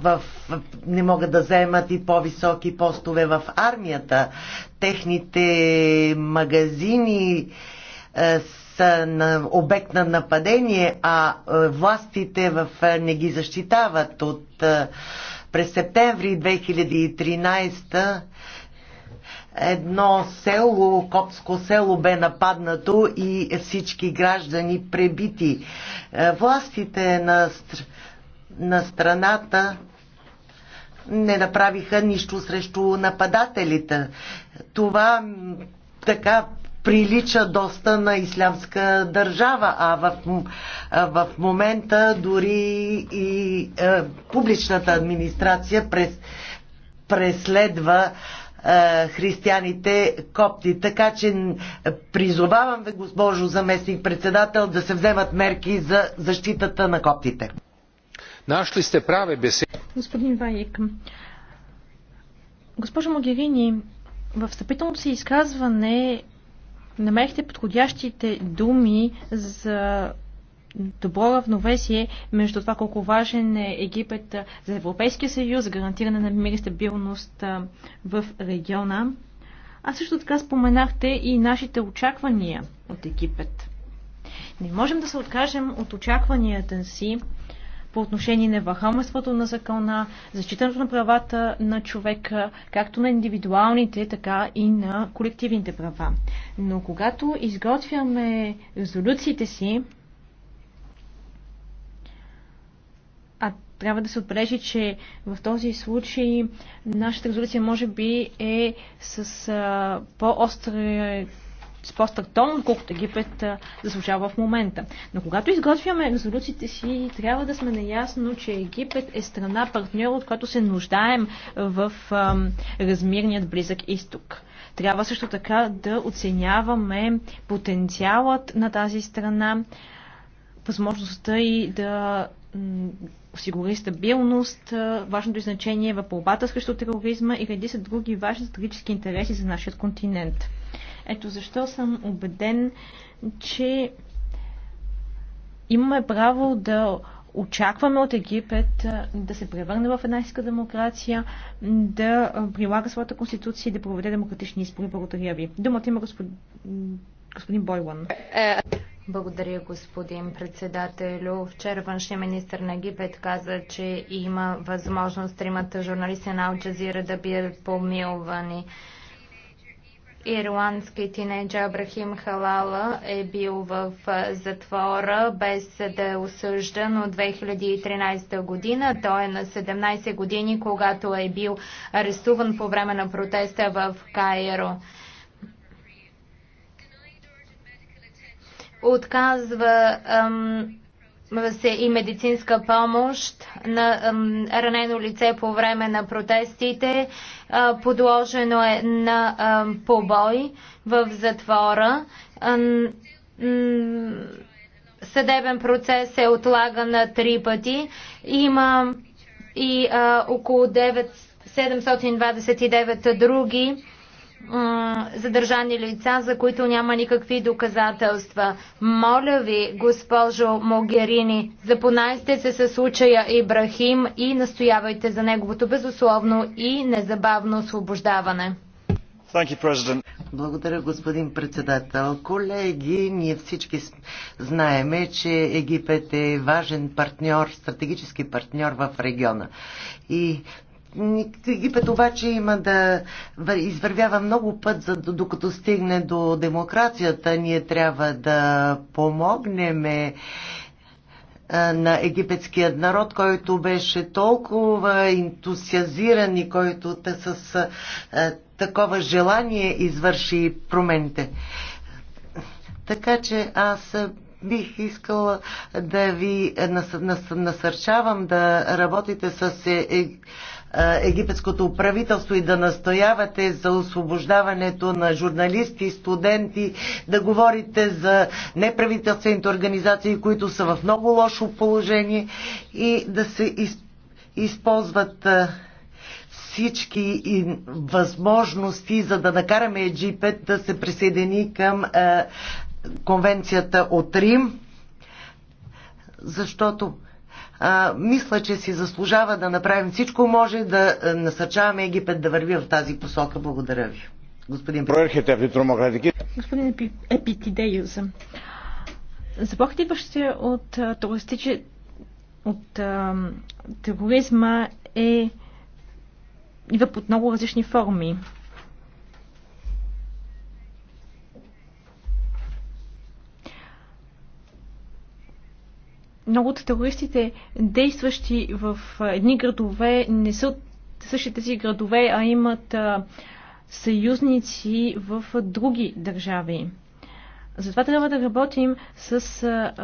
в, не могат да заемат и по-високи постове в армията. Техните магазини са на обект на нападение, а властите в не ги защитават. От, през септември 2013 едно село, копско село бе нападнато и всички граждани пребити. Е, властите на, на страната не направиха нищо срещу нападателите. Това така прилича доста на ислямска държава, а в, в момента дори и е, публичната администрация през, преследва е, християните копти. Така че призовавам ви, госпожо заместник председател, да се вземат мерки за защитата на коптите. Нашли сте праве беседи. Господин Ваник. госпожо Могерини, в встъпителното си изказване намерихте подходящите думи за добро равновесие между това колко важен е Египет за Европейския съюз, за гарантиране на мир и стабилност в региона. А също така споменахте и нашите очаквания от Египет. Не можем да се откажем от очакванията си по отношение на върховенството на закона, защитането на правата на човека, както на индивидуалните, така и на колективните права. Но когато изготвяме резолюциите си, Трябва да се отбележи, че в този случай нашата резолюция може би е с а, по-остри с по остър тон, колкото Египет заслужава в момента. Но когато изготвяме резолюциите си, трябва да сме наясно, че Египет е страна, партньор, от която се нуждаем в а, размирният близък изток. Трябва също така да оценяваме потенциалът на тази страна, възможността и да осигури стабилност, важното значение в борбата срещу тероризма и реди са други важни стратегически интереси за нашия континент. Ето защо съм убеден, че имаме право да очакваме от Египет да се превърне в една иска демокрация, да прилага своята конституция и да проведе демократични избори. Благодаря ви. Думата има господин Бойлан. Е, благодаря, господин председателю. Вчера външния министр на Египет каза, че има възможност тримата журналисти на Алджазира да бият помилвани. Ирландски тинейджа Абрахим Халала е бил в затвора без да е осъждан от 2013 година. Той е на 17 години, когато е бил арестуван по време на протеста в Кайро. Отказва ам, се и медицинска помощ на ам, ранено лице по време на протестите. А, подложено е на ам, побой в затвора. Ам, съдебен процес е отлаган на три пъти. Има и а, около 9, 729 други задържани лица, за които няма никакви доказателства. Моля ви, госпожо Могерини, запонайте се със случая Ибрахим и настоявайте за неговото безусловно и незабавно освобождаване. You, Благодаря, господин председател. Колеги, ние всички знаеме, че Египет е важен партньор, стратегически партньор в региона. И Египет обаче има да извървява много път, за, докато стигне до демокрацията. Ние трябва да помогнем на египетският народ, който беше толкова ентусиазиран и който те с такова желание извърши промените. Така че аз бих искала да ви насърчавам да работите с е- е- египетското правителство и да настоявате за освобождаването на журналисти, студенти, да говорите за неправителствените организации, които са в много лошо положение и да се използват всички възможности, за да накараме Египет да се присъедини към конвенцията от Рим, защото а, мисля, че си заслужава да направим всичко, може да е, насърчаваме Египет да върви в тази посока. Благодаря ви. Господин Господин Епитидеюс, заплахите идващи от е, туристичи, от е, тероризма е идва под много различни форми. много от терористите, действащи в едни градове, не са същите си градове, а имат съюзници в други държави. Затова трябва да работим с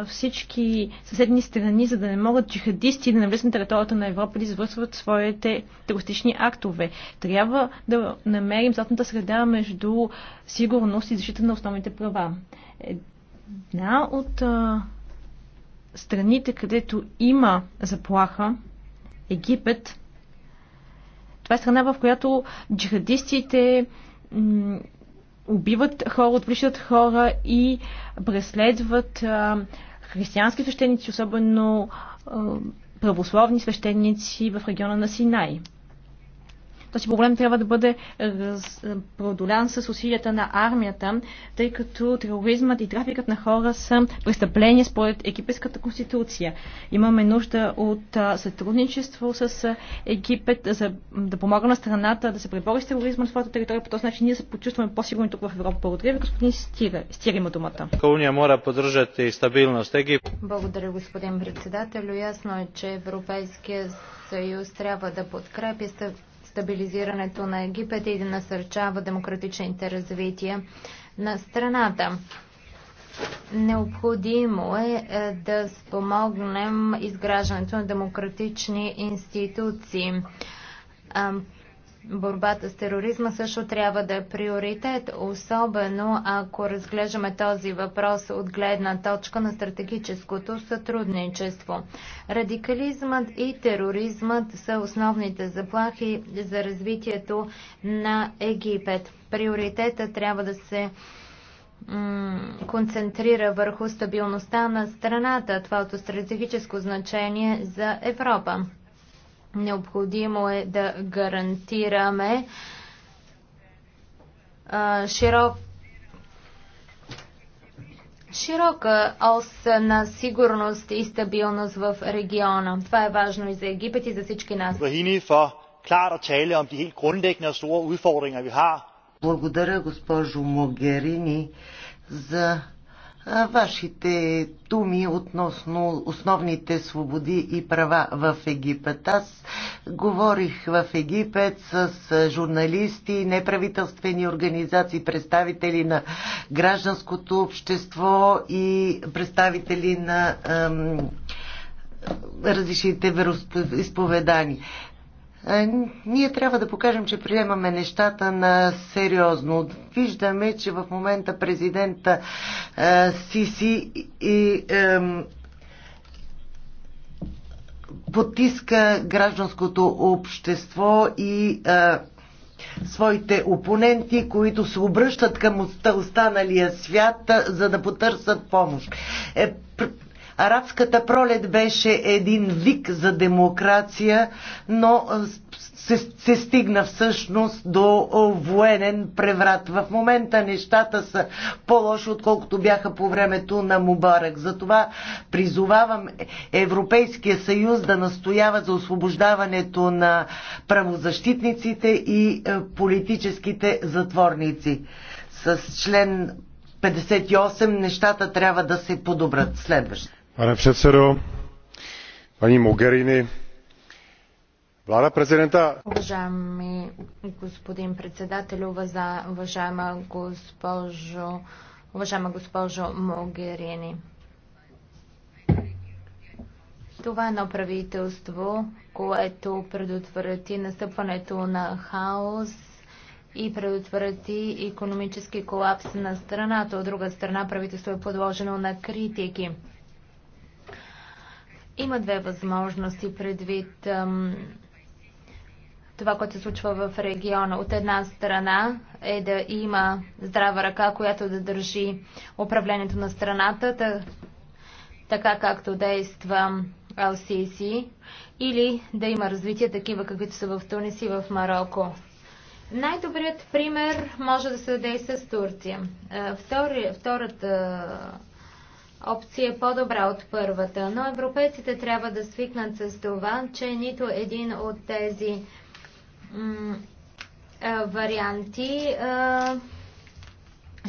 всички съседни страни, за да не могат джихадисти да навлизат на територията на Европа и да извършват своите терористични актове. Трябва да намерим златната среда между сигурност и защита на основните права. Една от страните, където има заплаха, Египет, това е страна, в която джихадистите убиват хора, отвличат хора и преследват а, християнски свещеници, особено а, православни свещеници в региона на Синай. Този проблем трябва да бъде продолян с усилията на армията, тъй като тероризмът и трафикът на хора са престъпления според Египетската конституция. Имаме нужда от сътрудничество с Египет, за да помага на страната да се пребори с тероризма на своята територия. По този начин ние се почувстваме по-сигурни тук в Европа. Благодаря ви, господин Стира. Стира има думата. Уния мора и стабилност Египет. Благодаря, господин председател. Ясно е, че Европейския съюз трябва да подкрепи стабилизирането на Египет и да насърчава демократичните развития на страната. Необходимо е, е да спомогнем изграждането на демократични институции Борбата с тероризма също трябва да е приоритет, особено ако разглеждаме този въпрос от гледна точка на стратегическото сътрудничество. Радикализмът и тероризмът са основните заплахи за развитието на Египет. Приоритета трябва да се концентрира върху стабилността на страната. Това е от стратегическо значение за Европа. Необходимо е да гарантираме широк широка ос на сигурност и стабилност в региона. Това е важно и за Египет и за всички нас. Благодаря, госпожо Могерини, за вашите думи относно основните свободи и права в Египет. Аз говорих в Египет с журналисти, неправителствени организации, представители на гражданското общество и представители на ам, различните вероисповедания ние трябва да покажем, че приемаме нещата на сериозно. Виждаме, че в момента президента Сиси и потиска гражданското общество и а, своите опоненти, които се обръщат към останалия свят, за да потърсят помощ. Е, Арабската пролет беше един вик за демокрация, но се, се стигна всъщност до военен преврат. В момента нещата са по-лоши, отколкото бяха по времето на Мубарак. Затова призовавам Европейския съюз да настоява за освобождаването на правозащитниците и политическите затворници. С член 58 нещата трябва да се подобрат. Следващо pane předsedo paní mogheriniová vláda prezidenta господин председател, госпожо, Това е едно правителство, което предотврати настъпването на хаос и предотврати економически колапс на страната. От друга страна правителство е подложено на критики. Има две възможности предвид ам, това, което се случва в региона. От една страна е да има здрава ръка, която да държи управлението на страната, да, така както действа LCC, или да има развитие такива, каквито са в Тунис и в Марокко. Най-добрият пример може да се даде и с Турция. Втори, втората опция е по-добра от първата. Но европейците трябва да свикнат с това, че нито един от тези варианти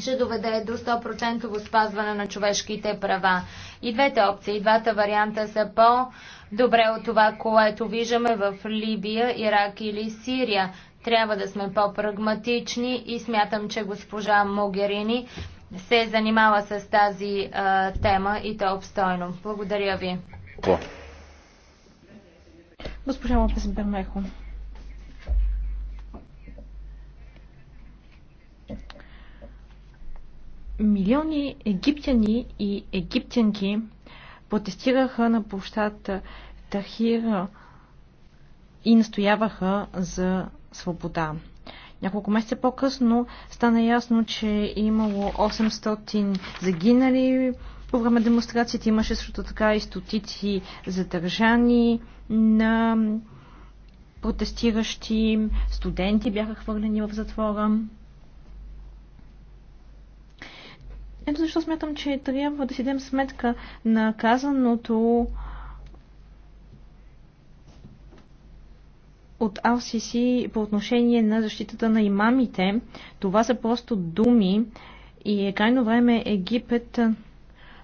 ще доведе до 100% спазване на човешките права. И двете опции, и двата варианта са по-добре от това, което виждаме в Либия, Ирак или Сирия. Трябва да сме по-прагматични и смятам, че госпожа Могерини се е с тази а, тема и то обстойно. Благодаря ви. Госпожа Лопес Бермехо. Милиони египтяни и египтянки протестираха на площад Тахир и настояваха за свобода. Няколко месеца по-късно стана ясно, че е имало 800 загинали по време на демонстрацията. Имаше също така и стотици задържани на протестиращи, студенти бяха хвърлени в затвора. Ето защо смятам, че трябва да си дадем сметка на казаното от АОСИСИ по отношение на защитата на имамите. Това са просто думи и е крайно време Египет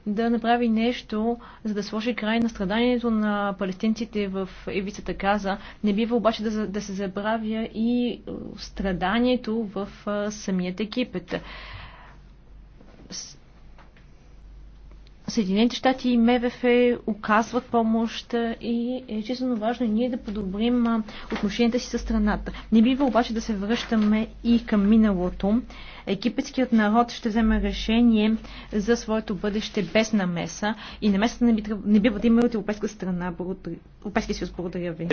да направи нещо, за да сложи край на страданието на палестинците в Ивицата Каза. Не бива обаче да, да се забравя и страданието в самият Египет Съединените щати и МВФ оказват помощ и е жизненно важно и ние да подобрим отношенията си с страната. Не бива обаче да се връщаме и към миналото. Египетският народ ще вземе решение за своето бъдеще без намеса и намеса не, би, не бива да има от Европейска страна. Европейски съюз, благодаря ви.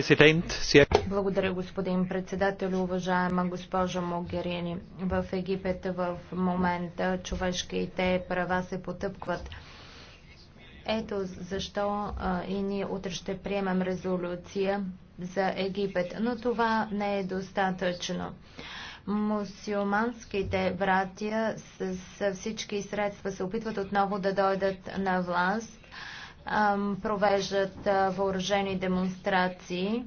Благодаря, господин председател, уважаема госпожа Могерини. В Египет в момента човешките права се потъпкват ето защо а, и ние утре ще приемам резолюция за Египет, но това не е достатъчно. Мусулманските братия с, с всички средства се опитват отново да дойдат на власт, а, провеждат а, въоръжени демонстрации.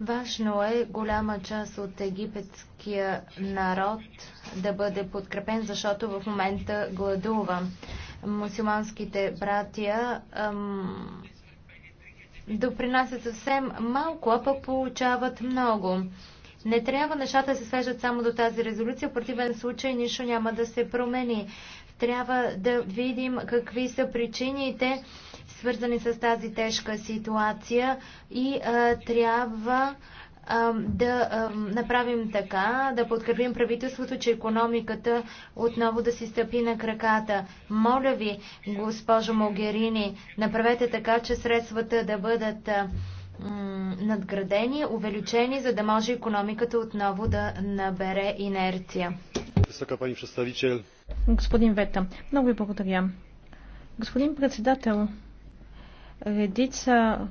Важно е голяма част от египетския народ да бъде подкрепен, защото в момента гладува мусулманските братия допринасят съвсем малко, а пък получават много. Не трябва нещата да се свежат само до тази резолюция, в противен случай нищо няма да се промени. Трябва да видим какви са причините, свързани с тази тежка ситуация и а, трябва да направим така, да подкрепим правителството, че економиката отново да си стъпи на краката. Моля ви, госпожо Могерини, направете така, че средствата да бъдат надградени, увеличени, за да може економиката отново да набере инерция. Висока пани представител. Господин Вета, много ви благодаря. Господин председател, редица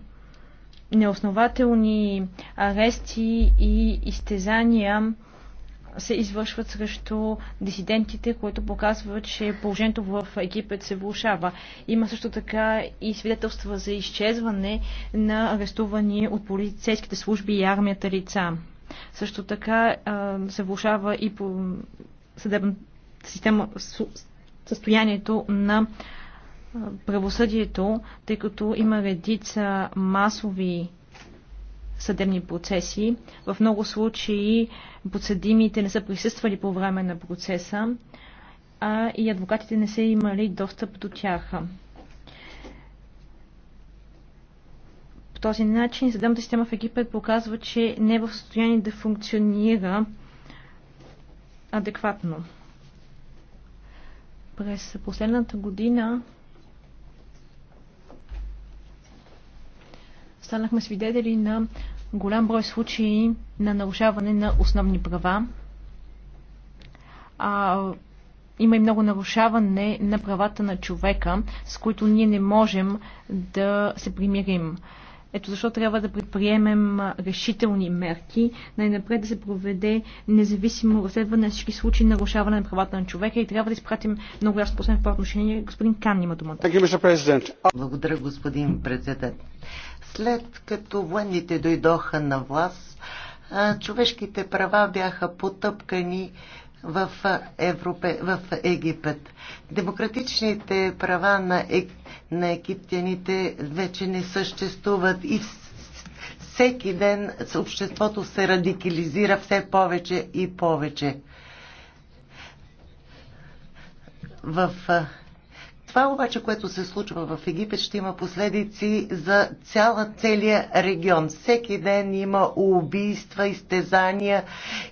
неоснователни арести и изтезания се извършват срещу дисидентите, което показва, че положението в Египет се влушава. Има също така и свидетелства за изчезване на арестувани от полицейските служби и армията лица. Също така се влушава и по съдебната система състоянието на правосъдието, тъй като има редица масови съдебни процеси. В много случаи подсъдимите не са присъствали по време на процеса, а и адвокатите не са имали достъп до тях. По този начин съдебната система в Египет показва, че не е в състояние да функционира адекватно. През последната година станахме свидетели на голям брой случаи на нарушаване на основни права. А, има и много нарушаване на правата на човека, с които ние не можем да се примирим. Ето защо трябва да предприемем решителни мерки, най-напред да се проведе независимо разследване на всички случаи нарушаване на правата на човека и трябва да изпратим много ясно последно в това отношение. Господин Кан има думата. Благодаря, господин председател. След като военните дойдоха на власт, човешките права бяха потъпкани в, Европе, в Египет. Демократичните права на, е, на египтяните вече не съществуват и всеки ден обществото се радикализира все повече и повече. В това обаче, което се случва в Египет, ще има последици за цяла целия регион. Всеки ден има убийства, изтезания,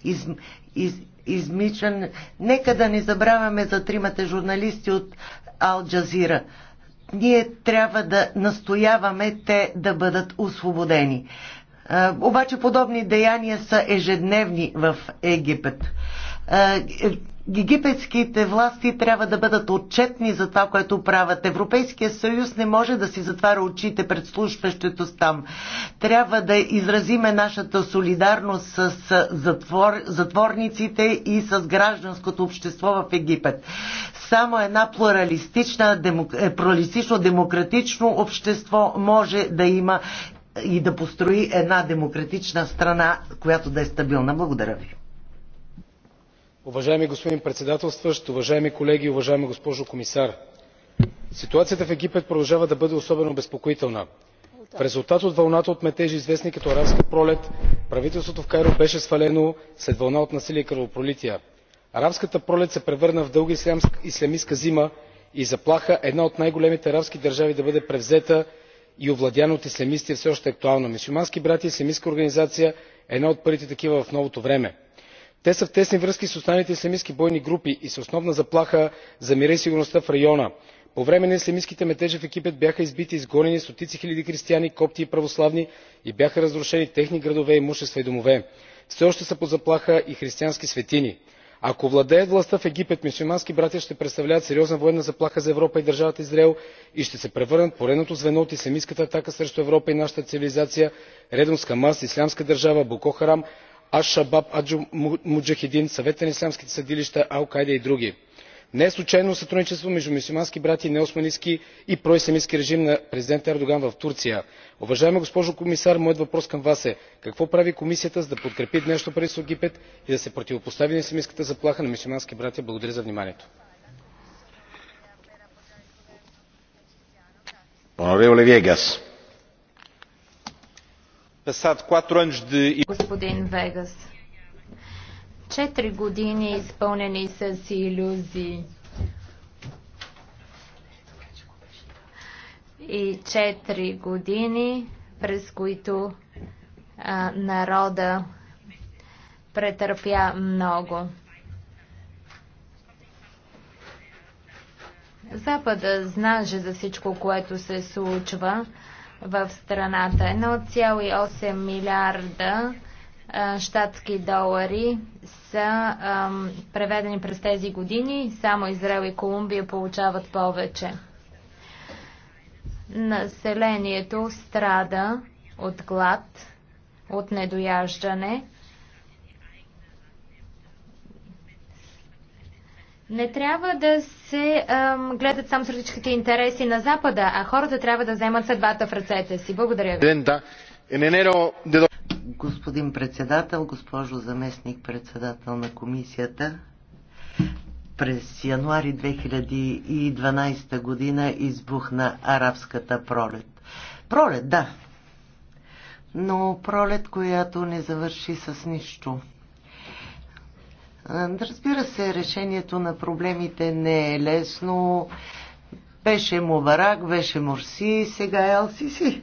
из, из, измичан. Нека да не забравяме за тримата журналисти от Ал Джазира. Ние трябва да настояваме те да бъдат освободени. Обаче подобни деяния са ежедневни в Египет е, египетските власти трябва да бъдат отчетни за това, което правят. Европейския съюз не може да си затваря очите пред слушващето там. Трябва да изразиме нашата солидарност с затвор, затворниците и с гражданското общество в Египет. Само една плуралистична, демок... Е, плуралистично демократично общество може да има и да построи една демократична страна, която да е стабилна. Благодаря ви уважаеми господин председателстващ уважаеми колеги уважаема госпожо комисар! ситуацията в египет продължава да бъде особено безпокоителна. в резултат от вълната от метежи известни като арабска пролет правителството в кайро беше свалено след вълна от насилие и кръвопролития. арабската пролет се превърна в дълга ислямистка зима и заплаха една от най големите арабски държави да бъде превзета и овладяна от ислямисти е все още актуална. мюсюлмански братя ислямистка организация е една от първите такива в новото време те са в тесни връзки с останалите ислямистки бойни групи и са основна заплаха за мира и сигурността в района. по време на ислямистките метежи в египет бяха избити и изгонени стотици хиляди християни копти и православни и бяха разрушени техни градове имущества и домове. все още са под заплаха и християнски светини. ако владеят властта в египет мюсюлмански братя ще представляват сериозна военна заплаха за европа и държавата израел и ще се превърнат в поредното звено от ислямистката атака срещу европа и нашата цивилизация редом с хамас ислямска държава боко харам аш шабаб аджу муджахидин съвета на ислямските съдилища ал кайда и други. не е случайно сътрудничеството между мюсюлмански братя и и проислямисткия режим на президента ердоган в турция. уважаема госпожо комисар моят въпрос към вас е какво прави комисията за да подкрепи днешното правителство в египет и да се противопостави на ислямистката заплаха на мюсюлмански братя? благодаря за вниманието. E- Господин Вегас, четири години изпълнени с иллюзии. И четири години, през които а, народа претърпя много. Запада знаеше за всичко, което се случва в страната. 1,8 милиарда щатски долари са преведени през тези години. Само Израел и Колумбия получават повече. Населението страда от глад, от недояждане. Не трябва да се ам, гледат само стратегическите интереси на Запада, а хората трябва да вземат съдбата в ръцете си. Благодаря ви. Господин председател, госпожо заместник председател на комисията, през януари 2012 година избухна арабската пролет. Пролет, да. Но пролет, която не завърши с нищо. Разбира се, решението на проблемите не е лесно. Беше му Барак, беше Морси, сега е Алсиси.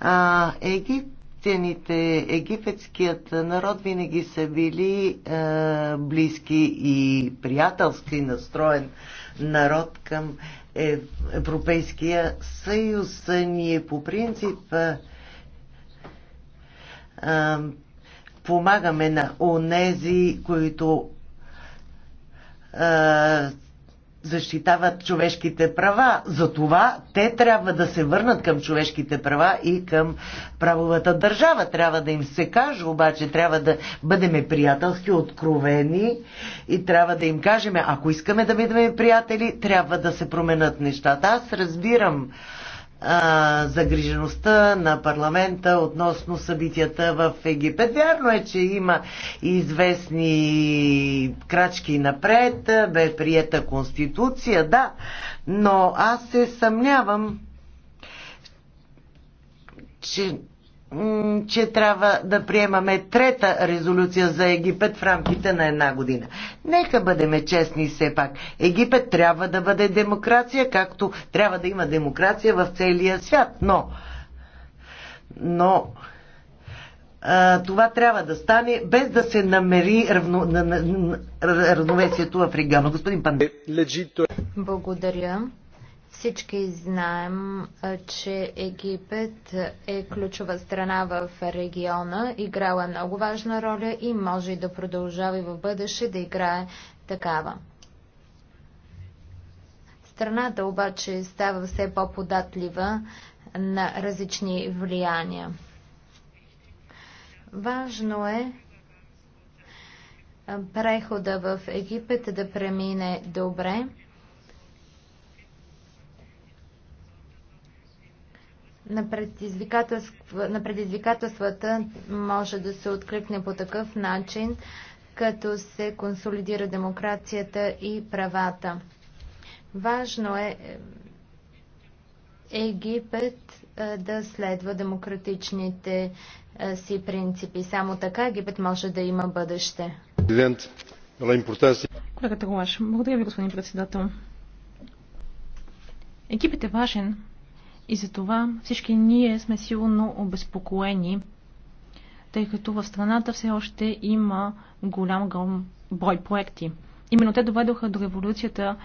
А, египтяните, египетският народ винаги са били а, близки и приятелски настроен народ към Европейския съюз. Ние по принцип а, помагаме на онези, които защитават човешките права. Затова те трябва да се върнат към човешките права и към правовата държава. Трябва да им се каже, обаче трябва да бъдем приятелски, откровени и трябва да им кажем, ако искаме да бъдем приятели, трябва да се променят нещата. Аз разбирам загрижеността на парламента относно събитията в Египет. Вярно е, че има известни крачки напред, бе приета конституция, да, но аз се съмнявам, че че трябва да приемаме трета резолюция за Египет в рамките на една година. Нека бъдем честни все пак. Египет трябва да бъде демокрация, както трябва да има демокрация в целия свят. Но, но а, това трябва да стане без да се намери равно, на, на, на, равновесието в региона. Господин Пандер. Е, Благодаря. Всички знаем, че Египет е ключова страна в региона, играла е много важна роля и може да продължава и в бъдеще да играе такава. Страната обаче става все по-податлива на различни влияния. Важно е прехода в Египет да премине добре на, предизвикателства, на предизвикателствата може да се откликне по такъв начин, като се консолидира демокрацията и правата. Важно е, е Египет да следва демократичните си принципи. Само така Египет може да има бъдеще. Колегата Голаш, благодаря ви, господин председател. Египет е важен и затова всички ние сме силно обезпокоени, тъй като в страната все още има голям, голям брой проекти. Именно те доведоха до революцията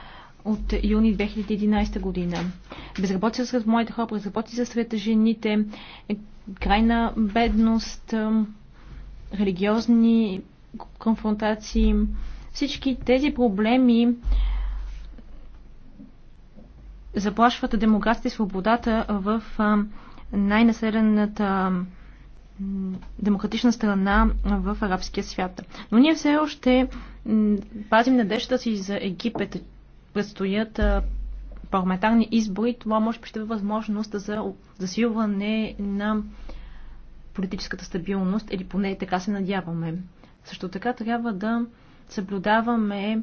от юни 2011 година. Безработица сред моите хора, безработица сред жените, крайна бедност, религиозни конфронтации. Всички тези проблеми заплашват демократите и свободата в най-населената демократична страна в арабския свят. Но ние все още пазим надеждата си за Египет. Предстоят парламентарни избори. Това може би ще бъде възможност за засилване на политическата стабилност, или поне така се надяваме. Също така трябва да съблюдаваме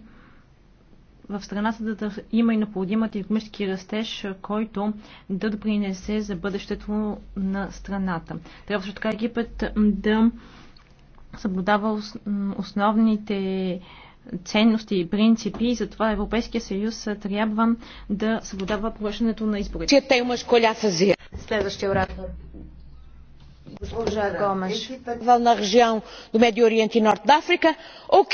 в страната да има и необходимата економически растеж, който да допринесе за бъдещето на страната. Трябва също така Египет да съблюдава основните ценности и принципи и затова Европейския съюз трябва да съблюдава провеждането на изборите. Те имаш коля с Следващия оратор. Госпожа Гомеш. Na região do Médio Oriente e Norte da África, ou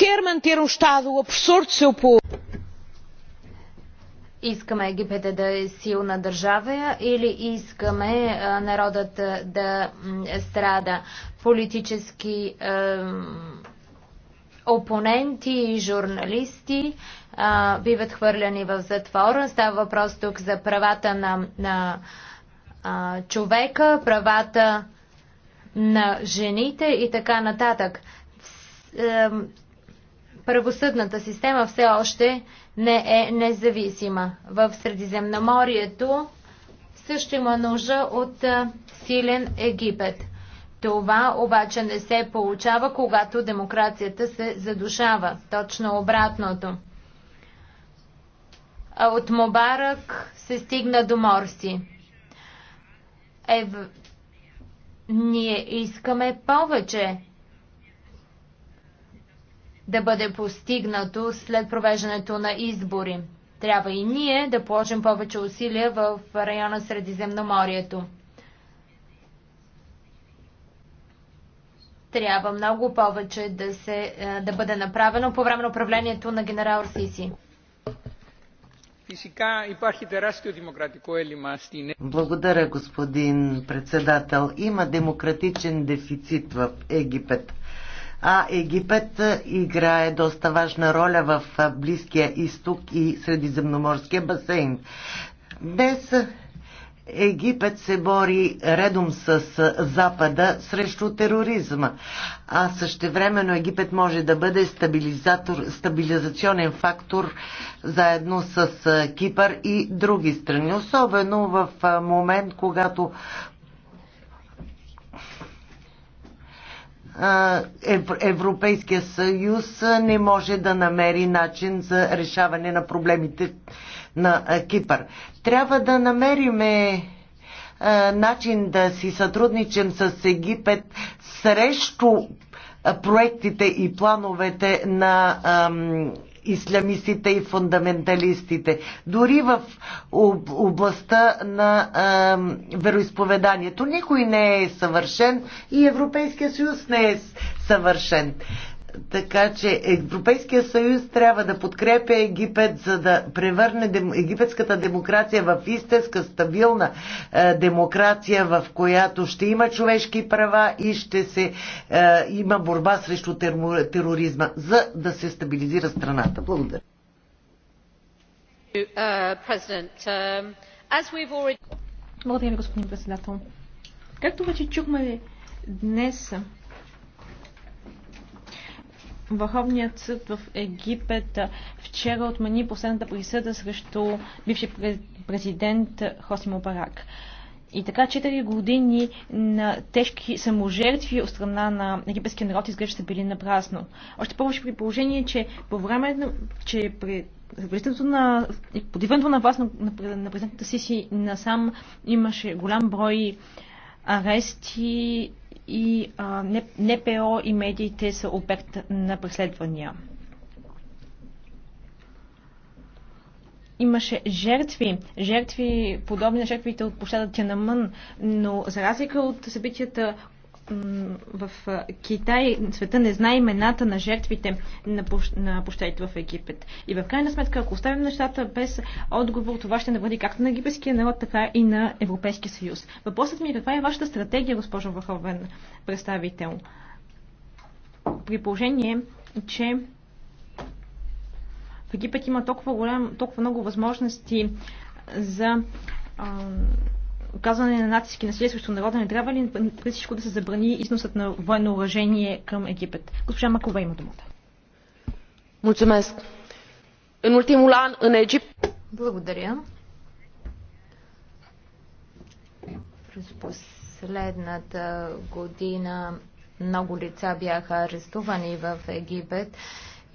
искаме Египет да е силна държава или искаме народът да страда. Политически опоненти и журналисти а, биват хвърляни в затвора. Става въпрос тук за правата на, на а, човека, правата на жените и така нататък. Правосъдната система все още не е независима. В Средиземноморието също има нужда от силен Египет. Това обаче не се получава, когато демокрацията се задушава. Точно обратното. От Мобарък се стигна до Морси. Ев... Ние искаме повече да бъде постигнато след провеждането на избори. Трябва и ние да положим повече усилия в района Средиземноморието. Трябва много повече да, се, е, да бъде направено по време на управлението на генерал Сиси. Благодаря, господин председател. Има демократичен дефицит в Египет а Египет играе доста важна роля в Близкия изток и Средиземноморския басейн. Днес Египет се бори редом с Запада срещу тероризма, а същевременно Египет може да бъде стабилизационен фактор заедно с Кипър и други страни, особено в момент, когато Европейския съюз не може да намери начин за решаване на проблемите на Кипър. Трябва да намериме начин да си сътрудничим с Египет срещу проектите и плановете на исламистите и фундаменталистите. Дори в областта на а, вероисповеданието никой не е съвършен и Европейския съюз не е съвършен. Така че Европейския съюз трябва да подкрепя Египет, за да превърне дем... египетската демокрация в истинска, стабилна е, демокрация, в която ще има човешки права и ще се е, има борба срещу термо... тероризма, за да се стабилизира страната. Благодаря. Благодаря, господин председател. Както вече чухме днес, Върховният съд в Египет вчера отмени последната присъда срещу бившия президент Хоси Мубарак. И така 4 години на тежки саможертви от страна на египетския народ изглежда са били напрасно. Още повече при положение, че по време на, че при на подиването на власт на, на, на президента Сиси насам имаше голям брой арести и а, НПО и медиите са обект на преследвания. имаше жертви, жертви, подобни на жертвите от площада Тянамън, но за разлика от събитията, в Китай света не знае имената на жертвите на, пощадите в Египет. И в крайна сметка, ако оставим нещата без отговор, това ще навреди както на египетския народ, така и на Европейския съюз. Въпросът ми е каква е вашата стратегия, госпожо Върховен представител? При положение, че в Египет има толкова, голям, толкова много възможности за оказване на натиски на сили срещу народа не трябва ли преди всичко да се забрани износът на военно уважение към Египет? Госпожа Макова има думата. Mulțumesc. În ultimul an, în Egipt... Благодаря. През последната година много лица бяха арестувани в Египет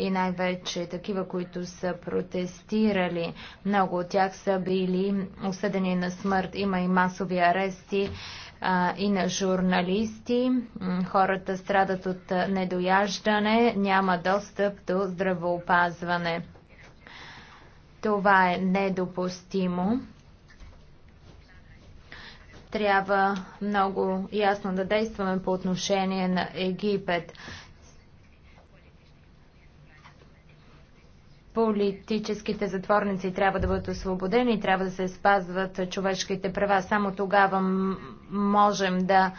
и най-вече такива, които са протестирали. Много от тях са били осъдени на смърт. Има и масови арести а, и на журналисти. Хората страдат от недояждане, няма достъп до здравоопазване. Това е недопустимо трябва много ясно да действаме по отношение на Египет. Политическите затворници трябва да бъдат освободени, трябва да се спазват човешките права. Само тогава можем да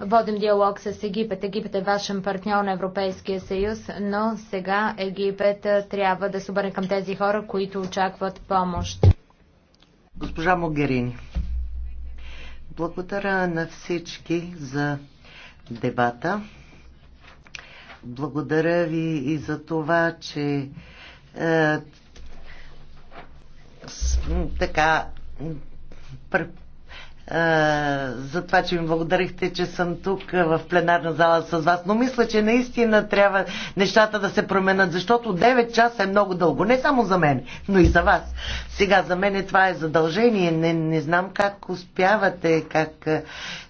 водим диалог с Египет. Египет е вашен партньор на Европейския съюз, но сега Египет трябва да се обърне към тези хора, които очакват помощ. Госпожа Могерини, благодаря на всички за дебата. Благодаря ви и за това, че е, с, така пр, е, за това, че ми благодарихте, че съм тук е, в пленарна зала с вас. Но мисля, че наистина трябва нещата да се променят, защото 9 часа е много дълго. Не само за мен, но и за вас. Сега за мен е това е задължение. Не, не знам как успявате, как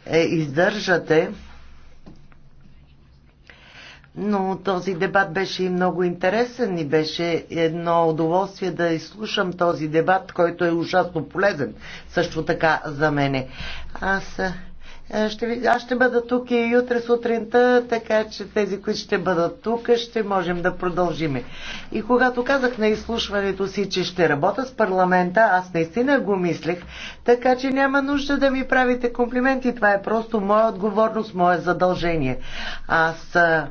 е, издържате но този дебат беше и много интересен и беше едно удоволствие да изслушам този дебат, който е ужасно полезен също така за мене. Аз е, ще, ви, аз ще бъда тук и утре сутринта, така че тези, които ще бъдат тук, ще можем да продължиме. И когато казах на изслушването си, че ще работя с парламента, аз наистина го мислех, така че няма нужда да ми правите комплименти. Това е просто моя отговорност, мое задължение. Аз е,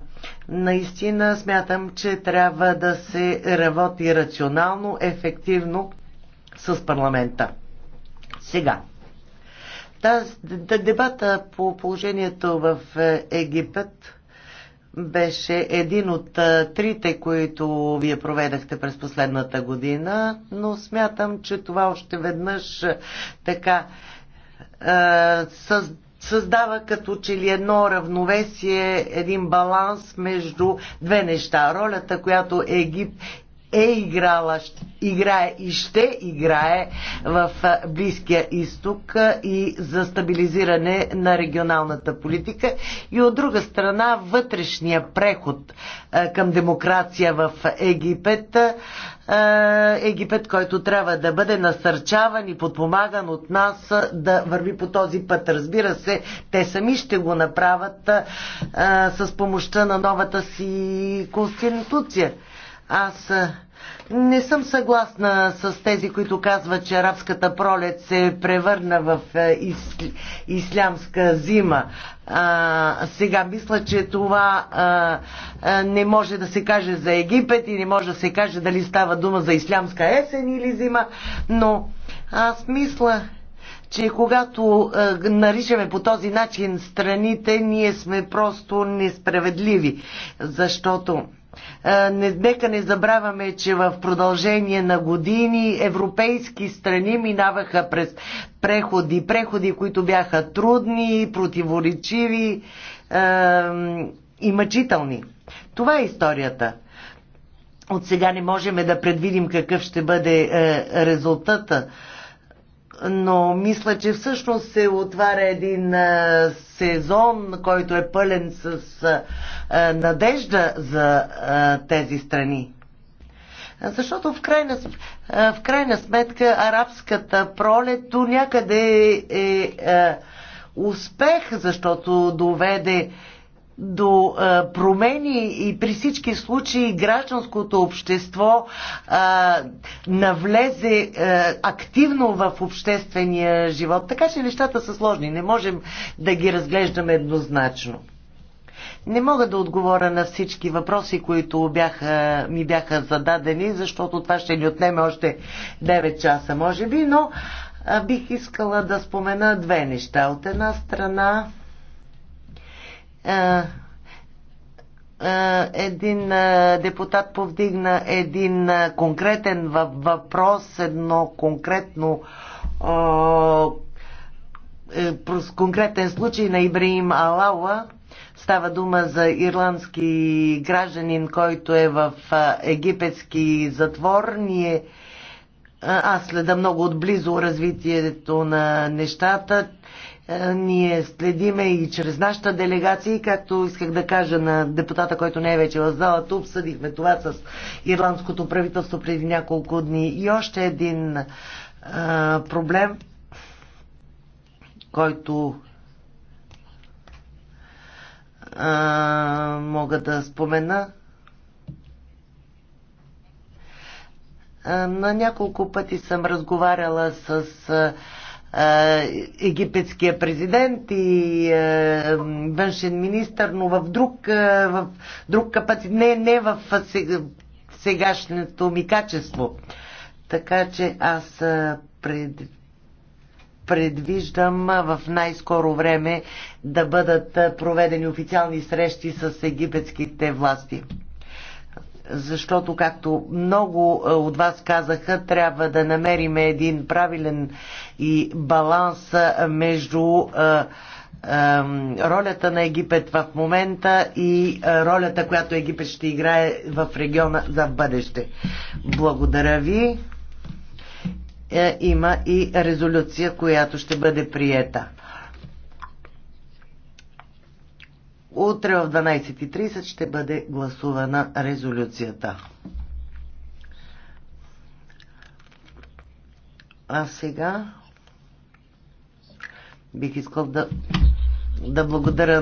Наистина смятам, че трябва да се работи рационално, ефективно с парламента. Сега. дебата по положението в е, Египет беше един от е, трите, които вие проведахте през последната година, но смятам, че това още веднъж е, така е, създаде създава като че ли едно равновесие, един баланс между две неща. Ролята, която Египет е играла, играе и ще играе в Близкия изток и за стабилизиране на регионалната политика и от друга страна вътрешния преход към демокрация в Египет е, Египет, който трябва да бъде насърчаван и подпомаган от нас е, да върви по този път. Разбира се, те сами ще го направят а, е, с помощта на новата си конституция. Аз не съм съгласна с тези, които казват, че арабската пролет се превърна в е, ис... ислямска зима. А, сега мисля, че това а, а, не може да се каже за Египет и не може да се каже дали става дума за ислямска есен или зима, но аз мисля, че когато а, наричаме по този начин страните, ние сме просто несправедливи, защото не, нека не забравяме, че в продължение на години европейски страни минаваха през преходи, преходи, които бяха трудни, противоречиви е, и мъчителни. Това е историята. От сега не можем да предвидим какъв ще бъде е, резултата но мисля, че всъщност се отваря един сезон, който е пълен с надежда за тези страни. Защото в крайна, в крайна сметка арабската пролет до някъде е, е успех, защото доведе до а, е, промени и при всички случаи гражданското общество а, е, навлезе а, е, активно в обществения живот. Така че нещата са сложни. Не можем да ги разглеждаме еднозначно. Не мога да отговоря на всички въпроси, които бяха, ми бяха зададени, защото това ще ни отнеме още 9 часа, може би, но а, бих искала да спомена две неща. От една страна е, е, един е, депутат повдигна един конкретен въпрос, едно конкретно конкретен случай на Ибраим Алауа. Става дума за ирландски гражданин, който е в египетски затвор. Ние аз следа много отблизо развитието на нещата. Е, ние следиме и чрез нашата делегация, и както исках да кажа на депутата, който не е вече в залата, обсъдихме това с ирландското правителство преди няколко дни. И още един а, е, проблем, който а, е, мога да спомена. А, на няколко пъти съм разговаряла с. А, египетския президент и външен министр, но в друг, в друг капацитет, не, не в сегашното ми качество. Така че аз пред, предвиждам в най-скоро време да бъдат проведени официални срещи с египетските власти защото, както много е, от вас казаха, трябва да намерим един правилен и баланс е, между е, ролята на Египет в момента и ролята, която Египет ще играе в региона за бъдеще. Благодаря ви. Има и резолюция, която ще бъде приета. Утре в 12.30 ще бъде гласувана резолюцията. А сега бих искал да, да благодаря